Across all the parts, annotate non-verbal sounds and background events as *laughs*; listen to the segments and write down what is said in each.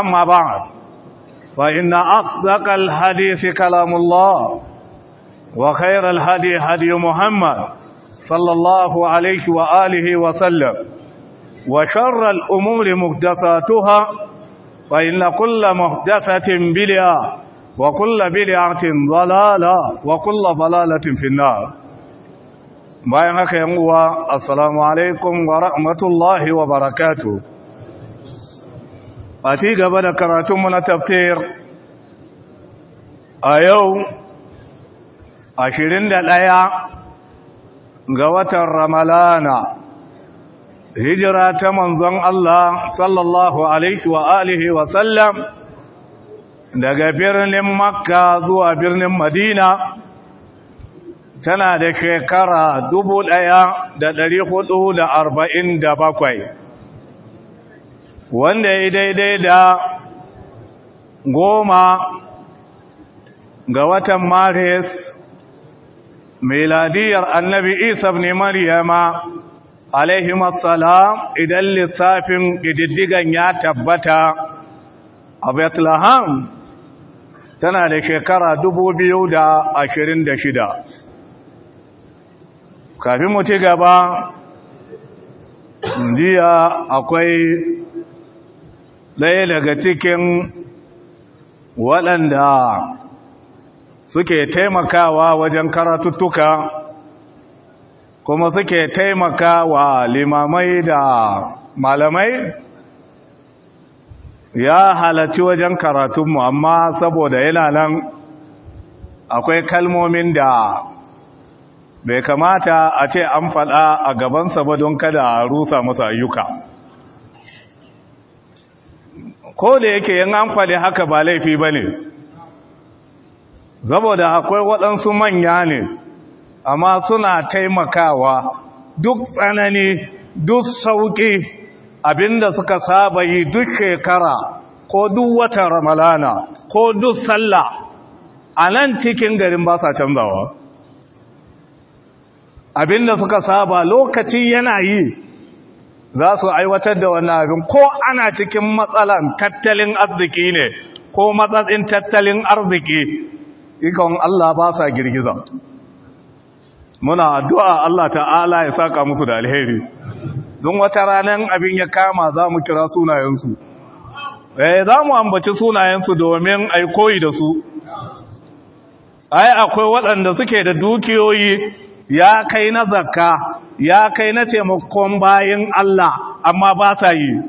أما بعد فإن أصدق الحديث كلام الله وخير الهدي هدي محمد صلى الله عليه وآله وسلم وشر الأمور مهدثاتها فإن كل مهدثة بلعة وكل بلعة ضلالة وكل ضلالة في النار بايعك يا السلام عليكم ورحمة الله وبركاته a ci gaba da karatunmu na tafsir a yau 21 ga watan ramalana hijira ta manzon Allah sallallahu alaihi wa alihi wa sallam daga birnin makka zuwa birnin madina tana da shekara dubu ɗaya da da da ɗari da bakwai. wanda ya daidai da goma ga watan maris miladiyar annabi isa ne maryama alaihimassalam idan lissafin ƙididdigan ya tabbata a bethlehem tana da shekara shida. kafin mu ci gaba jiya akwai ɗaya daga cikin waɗanda suke taimakawa wajen karatuttuka kuma suke taimakawa limamai da malamai ya halarci wajen karatunmu amma saboda yana nan, akwai kalmomin da bai kamata a ce an faɗa a gabansa ba don kada a rusa masa ayyuka ko da yake yin amfani haka ba laifi ba ne saboda akwai waɗansu manya ne amma suna taimakawa duk tsanani duk sauƙi abinda suka saba yi duk shekara ko duk watan ramalana ko duk sallah a nan cikin garin ba sa canzawa abinda suka saba lokaci yana yi za su aiwatar da wani abin ko ana cikin matsalan tattalin arziki ne ko matsatsin tattalin arziki ikon Allah ba sa girgiza muna addu'a Allah ta'ala ya saka musu da alheri don wata ranar abin ya kama za mu kira sunayensu eh za mu ambaci sunayensu domin aikoyi da su ai akwai waɗanda suke da dukiyoyi ya kai na zakka ya kai na taimakon bayan Allah amma ba sa yi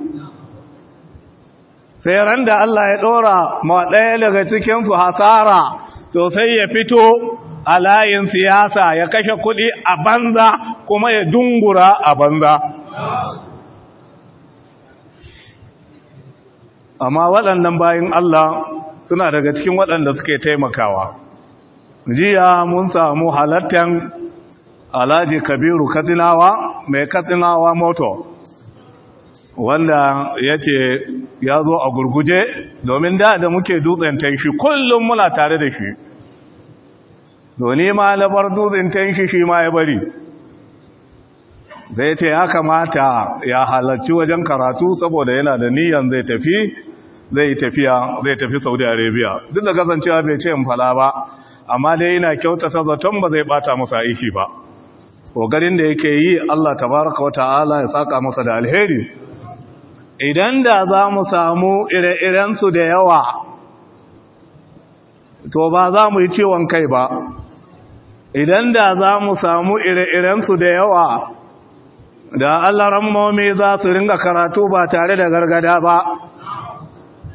sai ran da Allah ya ɗora ma ɗaya daga cikinsu hasara to sai ya fito a layin siyasa ya kashe kuɗi a banza kuma ya dungura a banza amma waɗannan bayan Allah suna daga cikin waɗanda suke taimakawa jiya mun samu halattan alhaji kabiru katsinawa mai katsinawa moto wanda ya ce ya zo a gurguje domin da da muke dutsen tanshi kullum muna tare da shi doni ma labar dutsen tanshi shi ma ya bari zai ce ya kamata ya halarci wajen karatu saboda yana da niyan zai tafi zai tafiya zai tafi saudi arabia duk da kasancewa bai ce in fala ba amma dai yana kyautata zaton ba zai bata masa aiki ba ƙoƙarin da yake yi Allah tabaraka wa ta'ala ya saka masa da alheri idan da za mu samu ire-irensu da yawa to ba za mu yi ciwon kai ba idan da za mu samu ire-irensu da yawa da Allah ramomi za su ringa karatu ba tare da gargada ba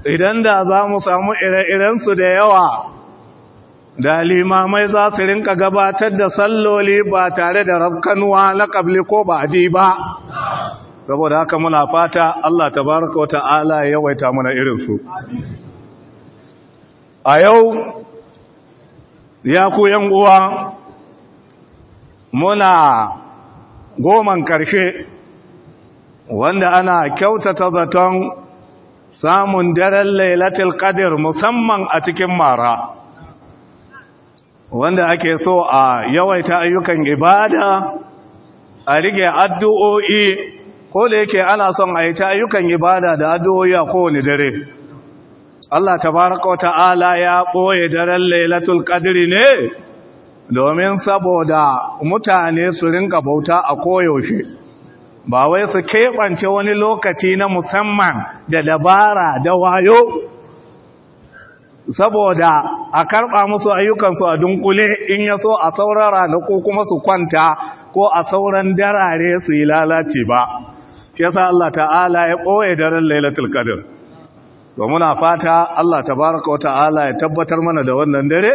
idan da za mu samu ire-irensu da yawa da limamai za su rinka gabatar da salloli ba tare da wa na kabli ko ba ji ba saboda haka muna fata Allah Ta tabaraka wata ala ya yawaita mana irinsu a yau ya ku yan uwa muna goman ƙarshe wanda ana kyautata zaton samun daren lailatul qadr musamman a cikin mara wanda ake so a yawaita ayyukan ibada a rige addu'o'i ko da yake ana son a yi ta ayyukan ibada da addu'o'i a kowane dare Allah tabaraka wa ta'ala ya ɓoye daren lailatul qadri ne domin saboda mutane su rinka bauta a koyaushe ba wai su keɓance wani lokaci na musamman da dabara da wayo saboda a karɓa musu ayyukansu a dunkule in ya so a sauran ranaku kuma su kwanta ko a sauran darare su yi lalace ba shi yasa Allah ta'ala ya ɓoye daren lailatul qadr to muna fata Allah baraka ta'ala ya tabbatar mana da wannan dare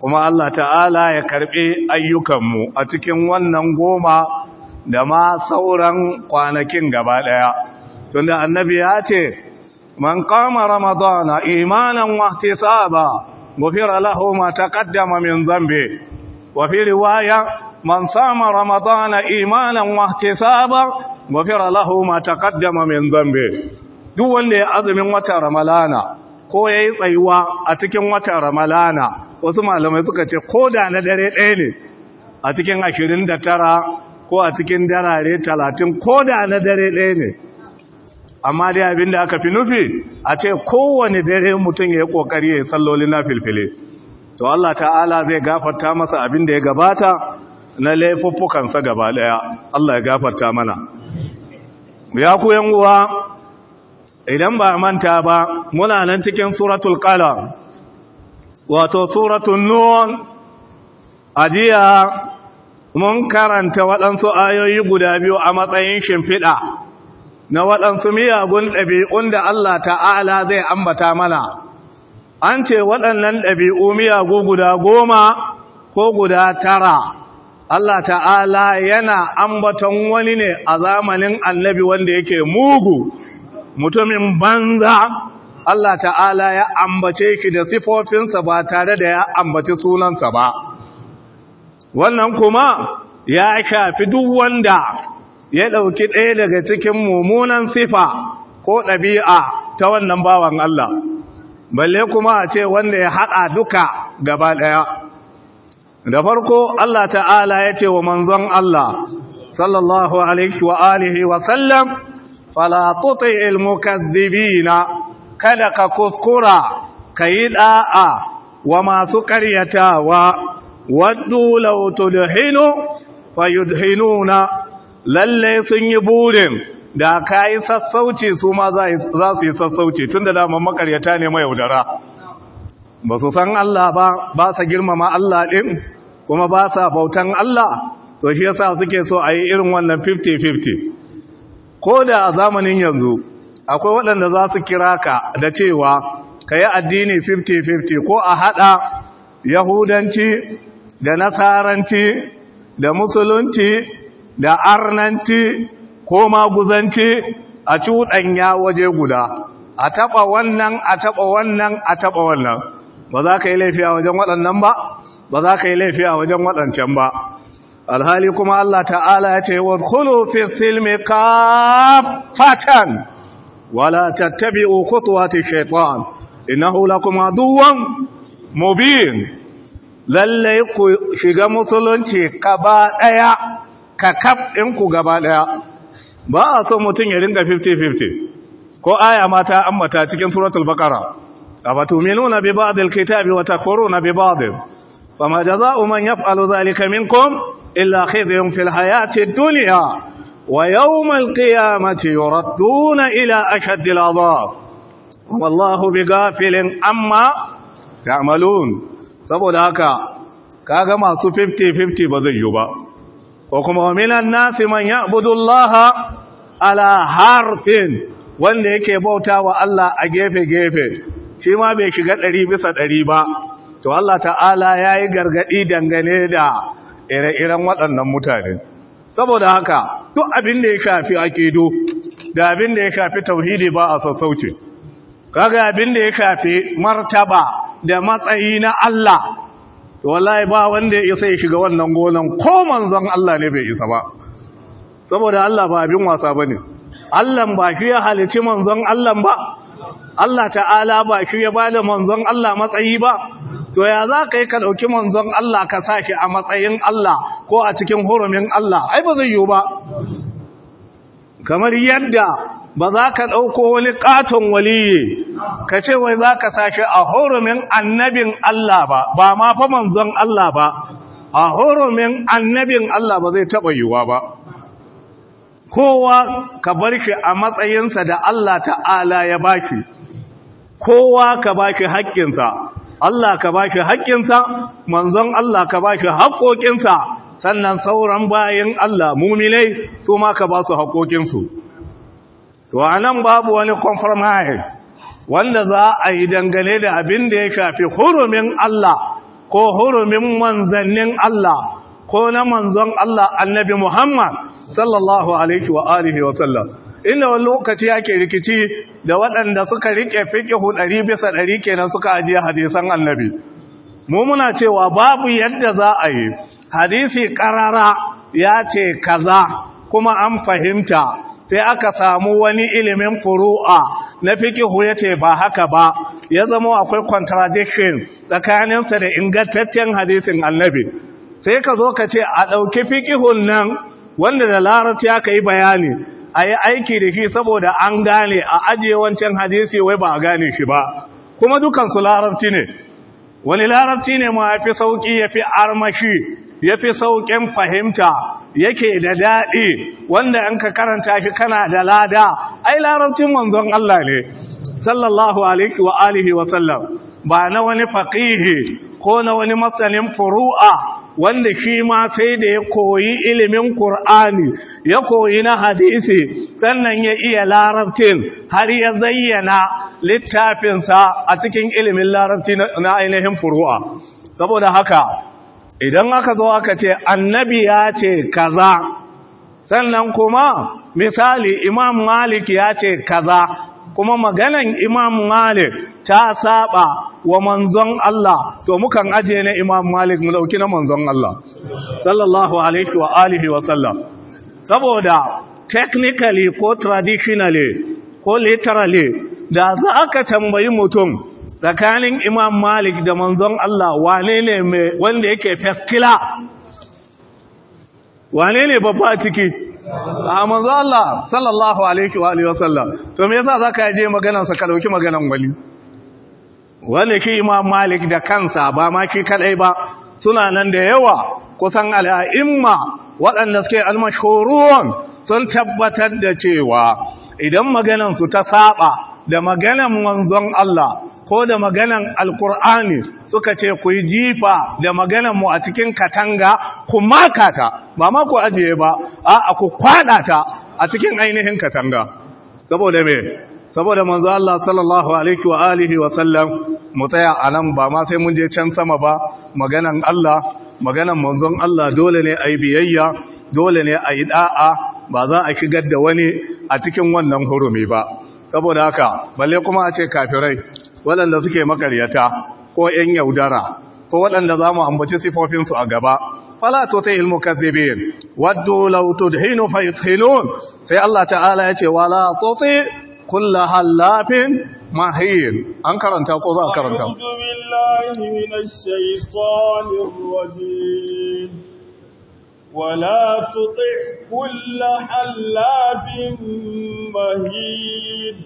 kuma Allah ta'ala ya karɓi ayyukanmu a cikin wannan goma da ma sauran kwanakin gaba ɗaya tunda annabi ya ce من قام رمضان إيمانا واحتسابا غفر له ما تقدم من ذنبه وفي رواية من صام رمضان إيمانا واحتسابا غفر له ما تقدم من ذنبه duk wanda ya azumin wata ramalana ko ya yi tsayuwa a cikin wata ramalana wasu malamai suka ce ko da na dare ɗaya ne a cikin ashirin da tara ko a cikin darare talatin ko da na dare ɗaya ne amma dai abin da aka fi nufi a ce kowane dare mutum ya yi kokari ya salloli na filfile to Allah ta'ala zai gafarta masa abinda ya gabata na laifuffukansa gaba daya Allah ya gafarta mana ya ku yan uwa idan ba manta ba muna nan cikin suratul kala wato suratul nun ajiya mun karanta waɗansu ayoyi guda biyu a matsayin shimfiɗa na waɗansu miyagun ɗabi'un da Allah ta'ala zai ambata mana an ce waɗannan ɗabi'u miyagu guda goma ko guda tara Allah ta'ala yana ambaton wani ne a zamanin annabi wanda yake mugu mutumin banza Allah ta'ala ya ambace ki da sifofinsa ba tare da ya ambaci sunansa ba wannan kuma ya shafi duk wanda ya ɗauki ɗaya daga cikin mummunan sifa ko ɗabi'a ta wannan bawan Allah balle kuma a ce wanda ya haɗa duka gaba ɗaya da farko Allah ta'ala ya ce wa manzon Allah sallallahu alaihi wa alihi wa sallam fala tuti'il mukaththibina kada ka kuskura yi da'a wa masu karyatawa, waddu law tudhinu fayudhinuna Lallai sun yi burin da ka yi sassauci su ma za su yi sassauci tun da damar makaryata ne mai yaudara ba su san Allah ba ba sa girmama Allah ɗin kuma ba sa bautan Allah to shi yasa suke so a yi irin wannan 50-50 ko da a zamanin yanzu akwai waɗanda za su kira ka da cewa ka yi addini 50-50 ko a haɗa yahudanci da nasaranci da musulunci da arnanci ko maguzanci a cuɗanya waje guda a taɓa wannan a taɓa wannan a taɓa wannan ba za ka yi laifi a wajen waɗannan ba ba za ka yi laifi a wajen waɗancan ba alhali kuma Allah ta'ala ya ce wa khulu fi silmi kafatan wala tattabi'u khutuwati shaytan innahu lakum aduwwan mubin lalle ku shiga musulunci kaba daya kakaf ɗinku gaba ɗaya ba a so mutum ya ringa 50-50 ko aya mata ammata cikin suratul bakara a batu minuna bi ba'dil kitabi wa na bi ba'dil fama jaza'u man yaf'alu dhalika minkum illa khizyun fil hayati duniya. wa yawmal qiyamati yuradduna ila ashaddil adhab wallahu bighafilin amma ta'malun saboda haka kaga masu 50-50 ba zai yi ba وكما من الناس nasi يعبد الله على حرف wanda yake bauta wa Allah a gefe-gefe shi ma bai shiga ɗari bisa ɗari ba to Allah ta'ala ya yi gargaɗi dangane da ire-iren waɗannan mutane saboda haka duk abin da ya shafi akido da abin da ya shafi tauhidi ba a sassauce kaga abin da ya shafi martaba da matsayi na Allah wallahi ba wanda ya isa shiga wannan gonan ko manzon Allah ne bai isa ba saboda Allah ba abin wasa bane Allah ba shi ya halici manzon Allah ba Allah ta'ala ba shi ya bada manzon Allah matsayi ba to ya za ka yi ka ɗauki manzon Allah ka sashi a matsayin Allah ko a cikin hurumin Allah ai ba zai yiwu ba kamar yadda ba za ka ɗauko wani katon waliyi ka ce wai za ka sashi a horomin annabin Allah ba ba ma fa manzon Allah ba a horomin annabin Allah ba zai taɓa yiwa ba kowa ka bar shi a matsayinsa da Allah ta'ala ya bashi kowa ka bashi haƙƙinsa Allah ka bashi haƙƙinsa manzon Allah ka bashi haƙƙoƙinsa sannan sauran bayan Allah muminai su ma ka ba su haƙƙoƙinsu to nan babu wani compromise wanda za a yi dangane da abin da ya shafi hurumin Allah ko hurumin manzannin Allah ko na manzon Allah annabi Muhammad sallallahu alaihi wa alihi wa sallam inda wani lokaci yake rikici da waɗanda suka rike fiqhu ɗari bisa ɗari kenan suka ajiye hadisan annabi mu muna cewa babu yadda za a yi hadisi karara ya ce kaza kuma an fahimta sai aka samu wani ilimin furu'a na fikihu ya ce ba haka ba ya zama akwai contradiction tsakaninsa da ingantaccen hadisin annabi sai ka zo ka ce a ɗauki fikihun nan wanda da larabci aka yi bayani a yi aiki da shi saboda an gane a ajiye wancan hadisi wai ba a gane shi ba kuma dukansu larabci ne wani larabci ne ma ya fi sauƙi ya fi armashi ya fi sauƙin fahimta yake da daɗi wanda an ka karanta shi kana da lada ai larabcin manzon Allah ne sallallahu alaihi wa alihi wa sallam ba na wani faqihi ko na wani masanin furu'a wanda shi ma sai da ya koyi ilimin Kur'ani ya koyi na hadisi sannan ya iya larabcin har ya zayyana littafinsa a cikin ilimin larabci na ainihin furu'a saboda haka idan aka zo aka ce annabi ya ce kaza sannan kuma misali imam malik ya ce kaza kuma maganan imam malik ta saba wa manzon Allah to mukan aje na imam malik mu dauki na manzon Allah sallallahu alaihi wa alihi wa sallam saboda technically ko traditionally ko literally da za ka tambayi mutum tsakanin imam malik da manzon Allah wane ne mai wanda yake faskila? wane ne babba ciki a manzon Allah sallallahu alaihi wa alihi wasallam to me yasa zaka je maganar sa ka maganar wali wanda ke imam malik da kansa ba ma ki kadai ba suna nan da yawa kusan al'a'imma waɗanda suke almashhurun sun tabbatar da cewa idan maganar su ta saba da maganan manzon Allah ko da maganan alkur'ani suka ce ku jifa da maganan mu a cikin katanga ku maka ba ma ku ajiye ba a ku kwada ta a cikin ainihin katanga saboda me saboda manzon Allah sallallahu alaihi wa alihi wa sallam mu tsaya anan ba ma sai mun je can sama ba maganan Allah maganan manzon Allah dole ne ayi biyayya dole ne ayi da'a ba za a shigar da wani a cikin wannan hurumi ba saboda haka balle kuma a ce kafirai waɗanda suke makaryata ko ‘yan yaudara ko waɗanda za mu ambaci sifofinsu a gaba fala to ta ilmu kazibin waddu lautu da hinu sai Allah ta'ala ya ce wala tsotsi kulla hallafin mahin an karanta ko za a karanta ولا تطع كل حلاف مهيد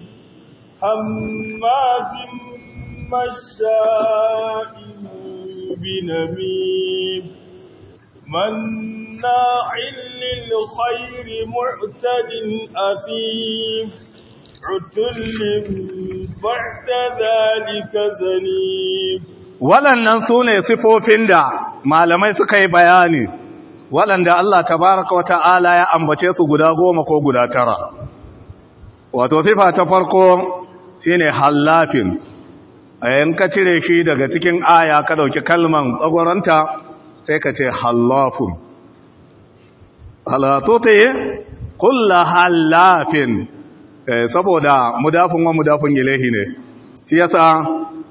هماز مشاء بنميم مناع للخير معتد أثيم عتل بعد ذلك زنيم waɗannan su ne sifofin da malamai suka yi bayani waɗanda Allah tabaraka wa ta'ala ya ambace su guda goma ko guda tara wato sifa ta farko shine hallafin yin ka cire shi daga cikin aya ka dauki kalman tsagoranta sai ka ce ta yi, kulla hallafin eh, saboda mudafin wa mudafin ilahi ne shi yasa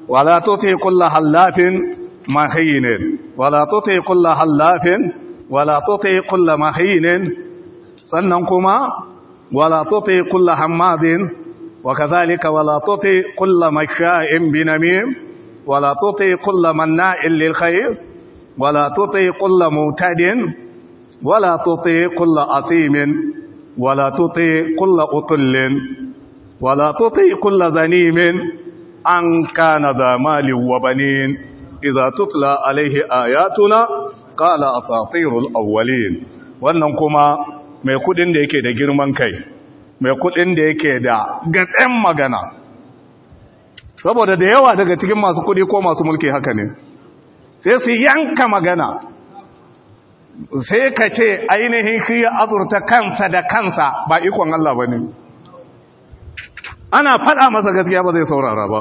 wala tuti kulla hallafin mahinin wala yi kulla hallafin ولا تطيع كل مخين سننكما ولا تطيع كل حماد وكذلك ولا تطيع كل مشاء بنميم ولا تطيع كل مناء للخير ولا تطيع كل معتد ولا تطيع كل عظيم ولا تطيع كل عطل ولا تطيع كل ذنيم ان كان ذا مال وبنين اذا تطلى عليه اياتنا qala asatirul awwalin wannan kuma mai kudin da yake da girman kai mai kudin da yake da gatsen magana saboda da yawa daga cikin masu kudi ko masu mulki haka ne sai su yanka magana sai ka ce ainihin shi ya azurta kansa da kansa ba ikon Allah ba ne ana faɗa masa gaskiya ba zai saurara ba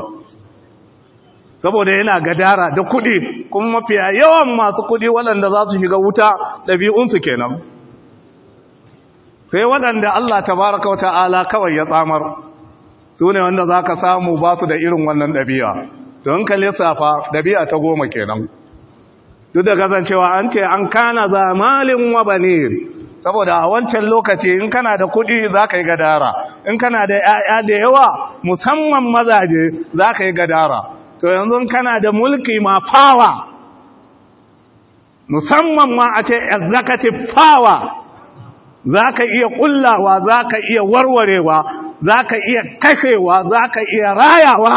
saboda yana gadara da kudi kuma mafiya yawan masu kudi waɗanda za su shiga wuta ɗabi'unsu kenan sai waɗanda Allah Ta tabaraka wa Ala kawai ya tsamar su ne wanda za ka samu ba su da irin wannan ɗabi'a don ka lissafa ɗabi'a ta goma kenan duk da kasancewa an ce an kana zamalin wa ne saboda a wancan lokaci in kana da kuɗi za ka yi gadara in kana da ‘ya'ya da yawa musamman mazaje za ka yi gadara to yanzu kana da mulki ma fawa musamman ma a ce executive fawa za ka iya kullawa za ka iya warwarewa za ka iya kashewa za ka iya rayawa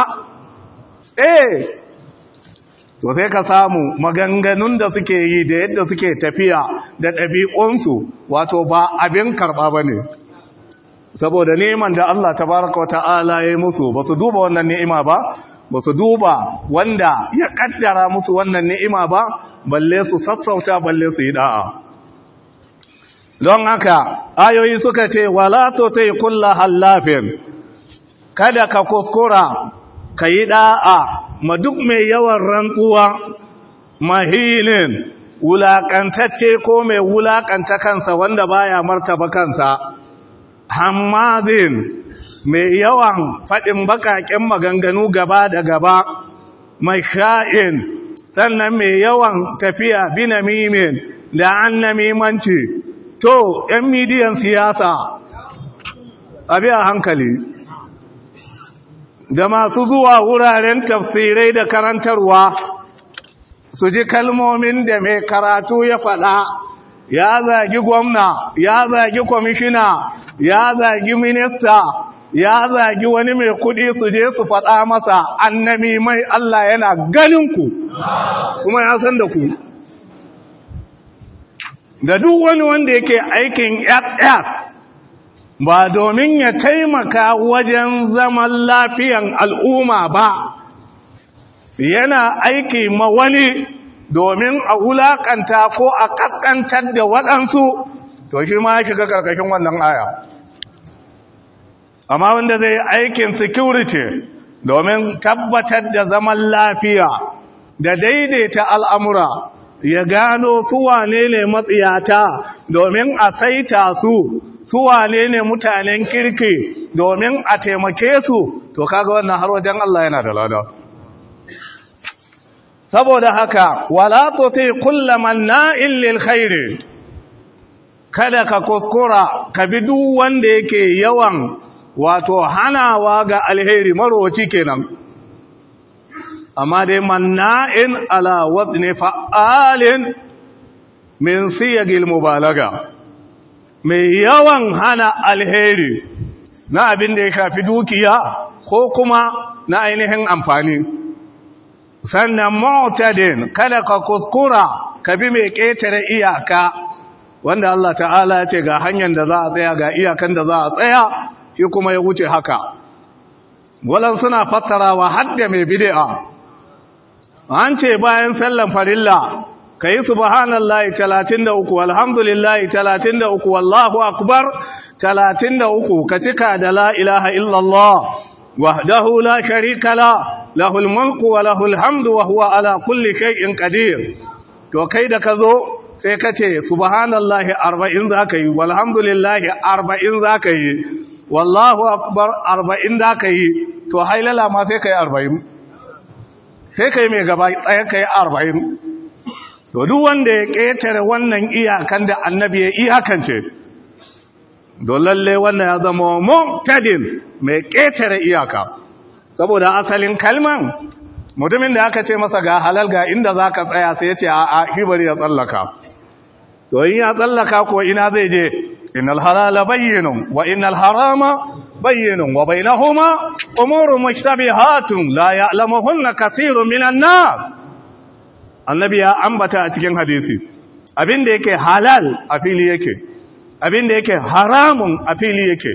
eh to sai ka samu maganganun da suke yi da yadda suke tafiya da ɗabi'unsu wato ba abin karɓa ba ne saboda neman da Allah ta baraka wa ta'ala ya yi musu ba su duba wannan ni'ima ba ba su duba wanda ya kaddara musu wannan ni'ima ba balle su sassauta balle su yi da'a don haka ayoyi suka ce wala tuti kullu halafin kada ka kuskura ka yi da'a ma duk mai yawan rantsuwa mahilin wulakantacce ko mai wulaƙanta kansa wanda baya martaba kansa hamadin mai yawan faɗin baƙaƙen maganganu gaba da gaba mai sha'in sannan mai yawan tafiya bi na mimin da an na mimanci to ‘yan midiyan siyasa abi a hankali da masu zuwa wuraren tafsirai da karantarwa su ji kalmomin da mai karatu ya faɗa ya zagi gwamna ya zagi kwamishina ya zagi minista ya zagi wani mai kuɗi su je su faɗa masa annami mai Allah yana ganin ku kuma ya san da ku da duk wani wanda yake aikin yar ba domin ya taimaka wajen zaman lafiyan al'umma ba yana aiki ma wani domin a wulaƙanta ko a ƙasƙantar da waɗansu to shi ma shiga ƙarƙashin wannan aya amma wanda zai aikin security domin tabbatar da zaman lafiya da daidaita al'amura ya gano su ne matsiyata domin a saita su su ne mutanen kirki domin a taimake su to kaga wannan har wajen Allah yana da lada saboda haka wala tuti kullu man na'il lil khairi kada ka kuskura ka bi duk wanda yake yawan wato hanawa ga alheri marwaci kenan amma dai manna'in ala ne fa'alin min siyagil mubalaga mai yawan hana alheri na abin da ya shafi dukiya ko kuma na ainihin amfani sannan mutadin kada ka kuskura ka bi mai ƙetare iyaka wanda Allah ta'ala ce ga hanyar da za a tsaya ga iyakan da za a tsaya shi kuma ya wuce haka walan suna fassarawa hadda mai bid'a an ce bayan sallan farilla kai subhanallahi 33 alhamdulillahi 33 wallahu akbar 33 ka cika da la ilaha illallah wahdahu la sharika la lahul mulku wa lahul hamdu wa huwa ala kulli shay'in qadir to kai da ka zo sai ka ce subhanallahi 40 zaka yi walhamdulillahi 40 zaka yi wallahu akbar arba'in da ka yi to hailala ma sai ka yi arba'in sai ka yi mai gaba tsaye ka yi arba'in to duk wanda ya ƙetare wannan iyakan da annabi ya iyakance don lalle wannan ya zama muktadin mai ƙetare iyaka saboda asalin kalman mutumin da aka ce masa ga halal ga inda za ka tsaya sai ya ce a bari ya tsallaka to in ya tsallaka ko ina zai je innal halala bayyinun wa innal harama bayyinun wa bainahuma umurun mushtabihatun la ya'lamuhunna kathirun minan nas annabi ya ambata a cikin hadisi abinda yake halal a fili yake abinda yake haramun a fili yake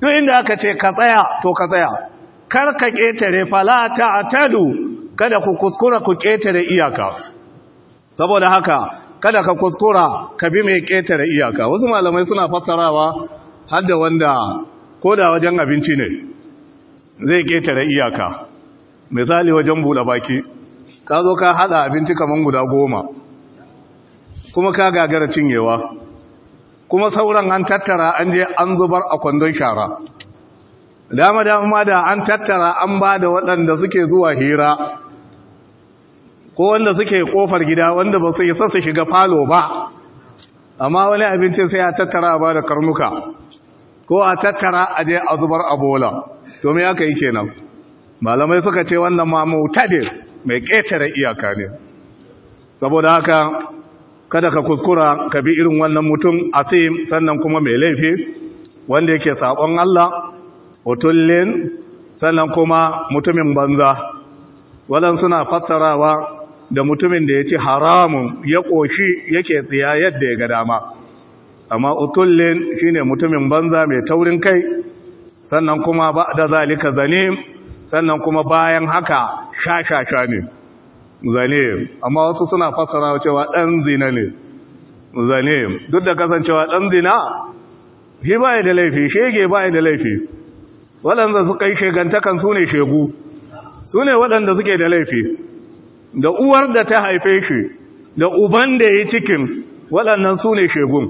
duk inda aka ce ka tsaya to ka tsaya kar ka ƙetare fala tadu kada ku kuskura ku ƙetare iyaka saboda haka kada ka kuskura ka bi mai ƙetare iyaka wasu malamai suna fassarawa har da wanda ko da wajen abinci ne zai ƙetare iyaka misali wajen buɗe baki ka zo ka haɗa abinci kamar guda goma kuma ka gagara cinyewa kuma sauran an tattara an je an zubar a kwandon shara dama dama da an tattara an ba da waɗanda suke zuwa hira ko wanda suke kofar gida wanda ba su yi sassa shiga falo ba amma wani abinci sai a tattara ba da karnuka ko a tattara a je a zubar a bola to me aka yi kenan malamai suka ce wannan ma mutade mai ƙetare iyaka ne saboda haka kada ka kuskura ka bi irin wannan mutum a asim sannan kuma mai laifi wanda yake sabon Allah utullin sannan kuma mutumin banza wadan suna fassarawa da mutumin da ya ci haramun ya ƙoshi yake tsiya yadda ya ga dama amma utullin shine mutumin banza mai taurin kai sannan kuma ba da zalika zane, sannan kuma bayan haka shashasha ne Zane. amma wasu suna fassara cewa ɗan zina ne Zane. duk da kasancewa ɗan zina shi baya da laifi shege baya da laifi waɗanda suka yi shegantakan su ne shegu su ne waɗanda suke da laifi da uwar da ta haife shi da uban da ya cikin waɗannan su ne shegun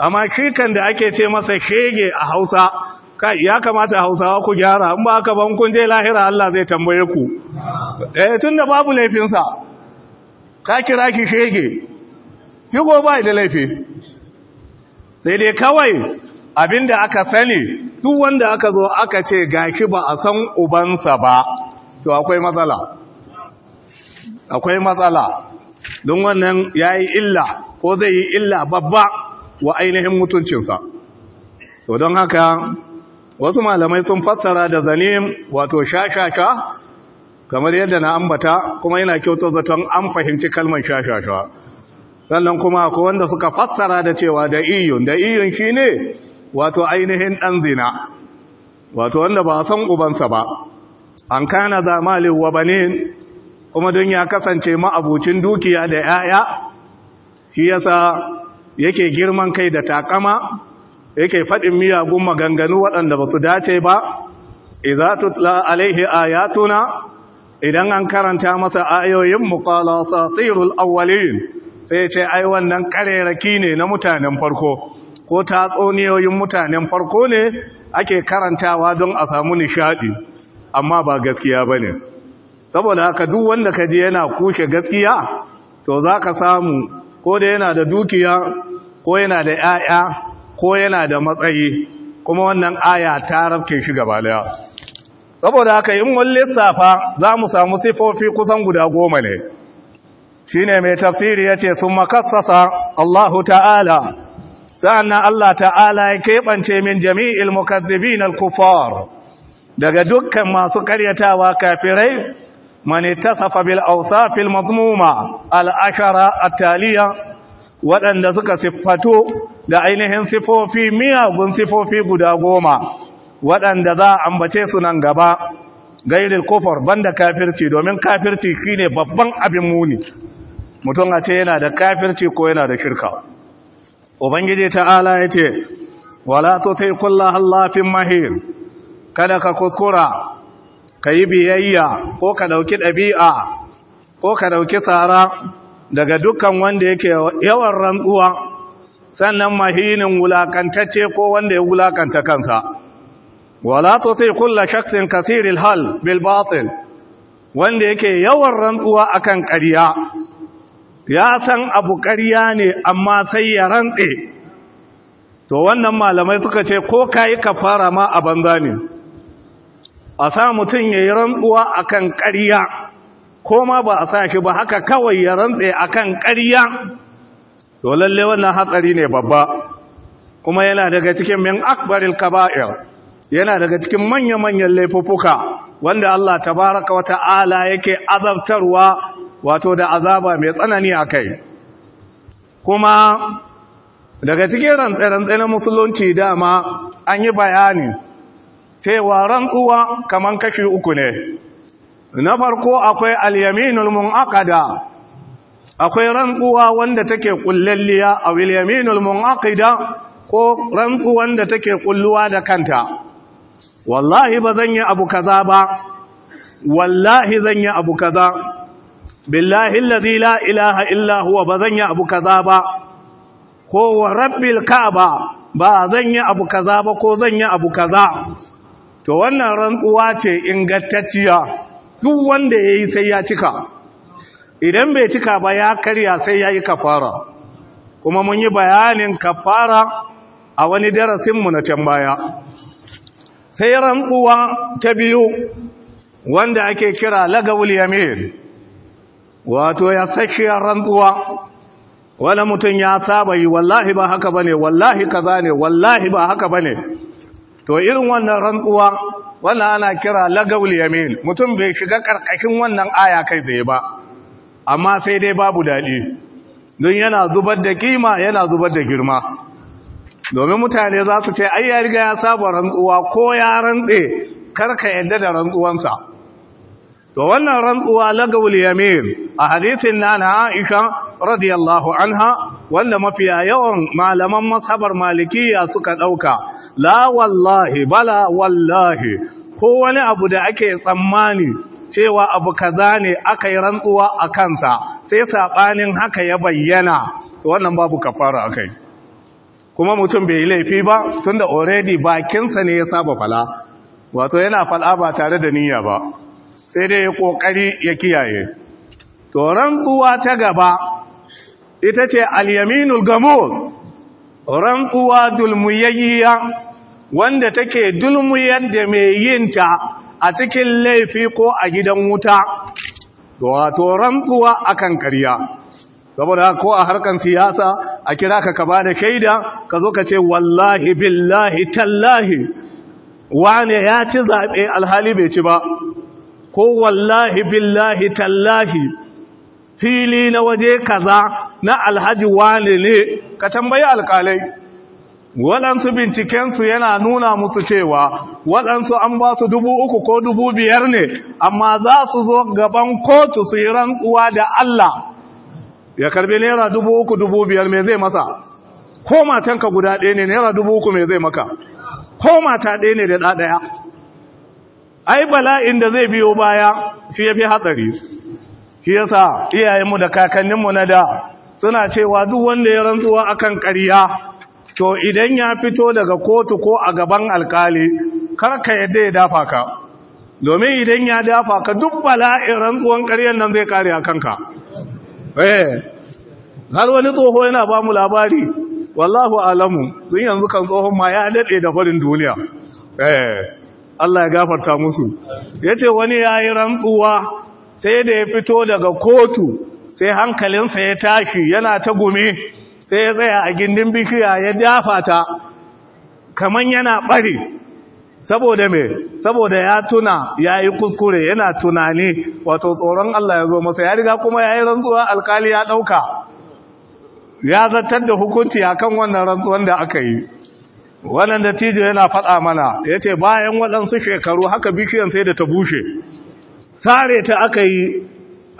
amma shikan da ake ce masa shege a hausa kai ya kamata hausawa ku gyara in ba ka ban kun je lahira Allah zai tambaye ku eh tun da babu laifinsa ka kira ki shege ki go ba da laifi sai dai kawai abinda aka sani duk wanda aka zo aka ce gashi ba a san ubansa ba to akwai matsala akwai matsala don wannan ya yi illa ko zai yi illa babba wa ainihin mutuncinsa to don haka wasu malamai sun fassara da zanen wato sha-sha-sha kamar yadda na ambata kuma yana kyauta zaton an fahimci kalmar sha-sha-sha sannan kuma ko wanda suka fassara da cewa da iyun da iyun shi ne wato ainihin ɗan zina wato wanda ba san ubansa ba an kana zamalin wa banin kuma don ya kasance ma'abucin dukiya da ‘ya'ya shi yasa yake girman kai da takama yake faɗin miyagun maganganu waɗanda ba su dace ba idza tutla alaihi ayatuna idan an karanta masa ayoyin muqala satirul awwalin sai ce ai wannan kareraki ne na mutanen farko ko tatsuniyoyin mutanen farko ne ake karantawa don a samu nishaɗi. amma ba gaskiya bane saboda haka duk wanda ka je yana kushe gaskiya to za ka samu ko da yana da dukiya ko yana da 'ya'ya ko yana da matsayi kuma wannan aya ta rafke shi gaba daya saboda haka yin wani lissafa za mu samu sifofi kusan guda goma ne shi ne mai tafsiri ya ce sun makassasa allahu ta'ala sa'annan allah ta'ala ya keɓance min jami'il mukazzibin al-kufar daga dukkan masu karyatawa kafirai man ittasafa bil awsafil mazmuma al ashara at-taliya waɗanda suka siffato da ainihin sifofi miyagun sifofi guda goma waɗanda za a ambace su nan gaba Gairin kofar banda kafirci domin kafirci shine babban abin muni mutum a ce yana da kafirci ko yana da shirka ubangiji ta'ala ya ce wala tuti har lafin mahir kada ka kuskura ka yi biyayya ko ka ɗauki ɗabi'a ko ka ɗauki tsara daga dukkan wanda yake yawan rantsuwa sannan mahinin wulakantacce ko wanda ya wulakanta kansa wala sosai kulla shaksin kasirin hal bilbatin wanda yake yawan rantsuwa a kan ƙarya ya san abu ƙarya ne amma sai ya rantse to wannan malamai suka ce ko ka yi ka fara ma a banza ne a sa mutum ya yi rantsuwa a kan ƙarya ko ma ba a sa shi ba haka kawai ya rantse a kan ƙarya to lalle wannan hatsari ne babba kuma yana daga cikin min akbaril kaba'ir yana daga cikin manya-manyan laifuffuka wanda Allah tabaraka wata ala yake azabtarwa wato da azaba mai tsanani a kai kuma daga cikin rantsarantsa na musulunci dama an yi bayani cewa rantsuwa kaman kashi uku ne na farko akwai alyaminul yaminul munaqada akwai rantsuwa wanda take kullalliya a al-yaminul munaqida ko rantsuwan da take kulluwa da kanta wallahi ba zan yi abu kaza ba wallahi zan yi abu kaza billahi allazi la ilaha illa huwa ba zan yi abu kaza ba ko wa rabbil ka'aba ba zan yi abu kaza ba ko zan yi abu kaza to wannan rantsuwa ce ingantacciya duk wanda ya yi sai ya cika idan bai cika ba ya karya sai ya yi kafara kuma mun yi bayanin kafara a wani darasinmu na can baya sai rantsuwa ta biyu wanda ake kira lagawul yamin wato ya sashiyar rantsuwa wani mutum ya saba yi wallahi ba haka ba ne. wallahi kaza ne wallahi ba haka bane to irin wannan rantsuwa wannan ana kira lagawul yamin mutum bai shiga karkashin wannan aya kai tsaye ba amma sai dai babu daɗi don yana zubar da kima yana zubar da girma domin mutane za su ce ai ya riga ya saba rantsuwa ko ya rantse karka yadda da rantsuwansa to wannan rantsuwa lagawul yamin a hadisin nana Aisha radiyallahu anha wanda mafiya yawan malaman masabar malikiya suka ɗauka la wallahi bala wallahi ko wani abu da ake tsammani cewa abu kaza ne aka yi rantsuwa a kansa sai saɓanin haka ya bayyana to wannan babu kafara akai kuma mutum bai yi laifi ba tunda already bakinsa ne ya saba fala wato yana fala ba tare da niyya ba sai dai ya ƙoƙari ya kiyaye to rantsuwa ta gaba ita ce alyaminul yaminul gamur rantsuwa dulmuyayya wanda take dulmuyar da mai yinta a cikin laifi ko a gidan wuta wato rantsuwa akan karya saboda ko a harkan siyasa a kira ka ka bada kaida ka zo ka ce wallahi billahi tallahi wane ya ci zaɓe alhali bai ci ba ko wallahi billahi tallahi fili na waje kaza na alhaji wane ne ka tambayi alkalai waɗansu bincikensu yana nuna musu cewa waɗansu an ba su dubu uku ko dubu biyar ne amma za su zo gaban kotu su yi rantsuwa da Allah ya karbi naira dubu uku dubu biyar mai zai masa ko matanka guda ɗaya ne naira dubu uku mai zai maka ko mata ɗaya ne da ɗaɗaya ai bala'in da zai biyo baya shi ya fi hatsari shi yasa iyayenmu da kakanninmu na da suna cewa duk wanda ya rantsuwa akan ƙarya to idan ya fito daga kotu ko a gaban alkali kar ka yadda ya dafa ka domin idan ya dafa ka duk bala'in rantsuwan ƙaryar nan zai kare a kanka eh, har wani tsoho yana ba mu labari wallahu alamu sun yanzu kan tsohon ma ya daɗe da farin duniya eh, Allah ya gafarta musu ya ce wani ya yi rantsuwa sai da ya fito daga kotu sai hankalinsa ya tashi yana ta gume sai ya tsaya a gindin bishiya ya dafa ta kaman yana ɓari saboda mai saboda ya tuna ya yi kuskure yana tunani wato tsoron Allah ya zo masa ya riga kuma ya yi rantsuwa alkali ya ɗauka ya zartar da hukunci a kan wannan rantsuwan da aka yi wannan da tijo yana faɗa mana ya ce bayan waɗansu shekaru haka bishiyar sai da ta bushe sare ta aka yi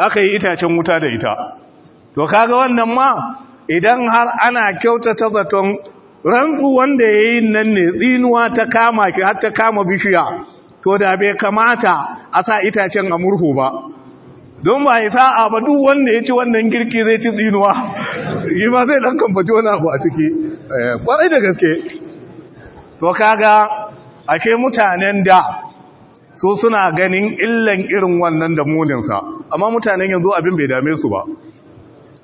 aka yi itacen wuta da ita to kaga wannan ma idan har ana kyautata zaton rantsu wanda ya yi nan ne tsinuwa ta kama ki har ta kama bishiya to da bai kamata a sa itacen a murhu ba don ba ya a ba duk wanda ya ci wannan girki zai ci tsinuwa yi ma zai ɗan kamfaci wani abu a ciki kwarai eh, da gaske to kaga ashe mutanen da su suna ganin illan irin wannan da muninsa amma mutanen yanzu abin bai dame su ba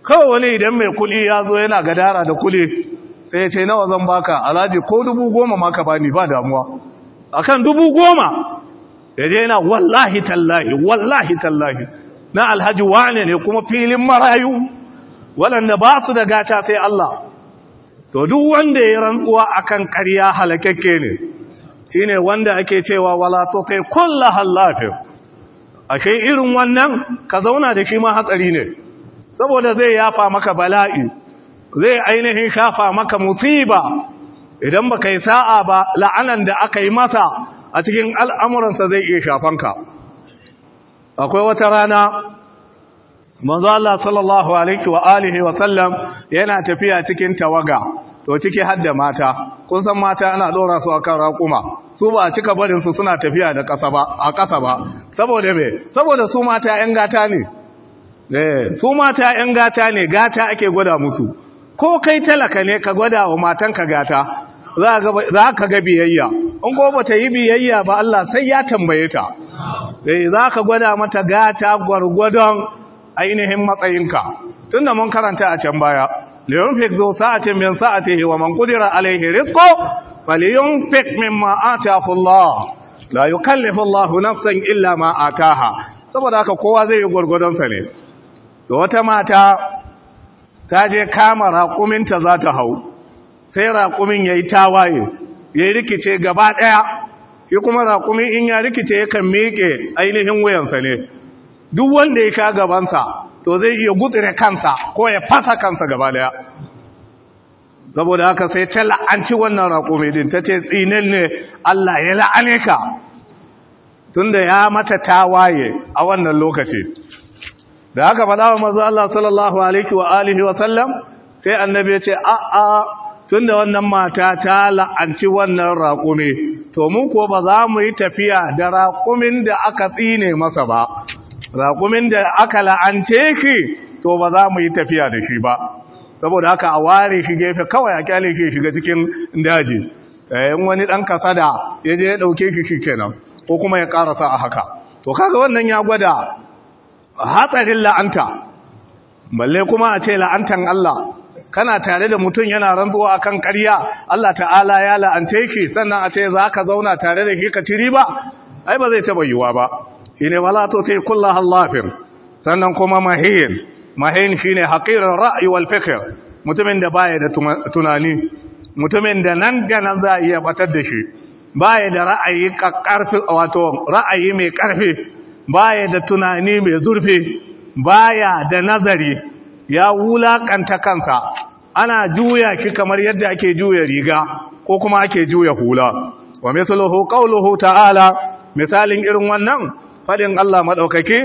kawai wani idan mai kuli ya zo yana gadara da kuli sai ya ce nawa zan baka alhaji ko dubu goma maka bani ba damuwa akan dubu goma ya yana wallahi tallahi wallahi tallahi na alhaji wane ne kuma filin marayu waɗanda ba su da gata sai Allah to duk wanda ya rantsuwa akan karya halakakke ne shine wanda ake cewa wala to kai kullu halafin ashe irin wannan ka zauna da shi ma hatsari ne saboda zai yafa maka bala'i zai ainihin shafa maka musiba idan baka yi sa'a ba la'anan da aka yi masa a cikin al'amuransa zai iya shafanka akwai wata rana manzo Allah sallallahu alaihi wa alihi wa sallam yana tafiya cikin tawaga to ciki har mata kun san mata ana dora su akan raƙuma su ba cika barin su suna tafiya da ƙasa ba a ƙasa ba saboda me saboda su mata ƴan gata ne eh su mata ƴan gata ne gata ake gwada musu ko kai talaka ne ka gwada wa matanka gata za ka ga biyayya in ko ba ta yi biyayya ba Allah sai ya tambaye ta eh za ka gwada mata gata gwargwadon ainihin matsayinka tunda mun karanta a can baya لينفق ذو ساعة من ساعته ومن قدر عليه رزقه فلينفق مما آتاه الله لا يكلف الله نفسا إلا ما آتاها saboda haka kowa zai yi sa ne da wata mata ta je kama raƙuminta za ta hau sai raƙumin ya yi tawaye ya yi rikice gaba ɗaya shi kuma raƙumin in ya rikice yakan miƙe ainihin wuyansa ne duk wanda ya sha gabansa to zai iya gudure kansa ko ya fasa kansa gaba daya saboda haka sai ta la'anci wannan raƙumi din ta ce tsinin ne Allah ya la'ane ka tunda ya mata ta waye a wannan lokaci da haka faɗa wa Allah sallallahu alaihi wa alihi wa sallam sai annabi ya ce a a tunda wannan mata ta la'anci wannan raƙumi to mun ko ba za mu yi tafiya da raƙumin da aka tsine masa ba raƙumin da aka la'ance shi, to ba za mu yi tafiya da shi ba saboda haka a ware shi gefe kawai a kyale shi shiga cikin daji eh, in wani ɗan kasada ya je ya ɗauke shi shi kenan ko kuma ya ƙarasa a haka to kaga wannan ya gwada hatsarin la'anta balle kuma a ce la'antan Allah kana tare da mutum yana rantsuwa akan ƙarya Allah ta'ala ya la'ante shi, sannan a ce za ka zauna tare da shi ka ci ba? ai ba zai taɓa yiwuwa ba shine wala tuti kullu hallafin sannan kuma mahin mahin shine haqirar ra'yi wal fikr mutumin da baya da tunani mutumin da nan da nan za iya batar da shi baya da ra'ayi karfi wato ra'ayi mai karfi baya da tunani mai zurfi baya da nazari ya wulaƙanta kansa ana juya shi kamar yadda ake juya riga ko kuma ake juya hula wa misaluhu qawluhu ta'ala misalin irin wannan fadin Allah madaukake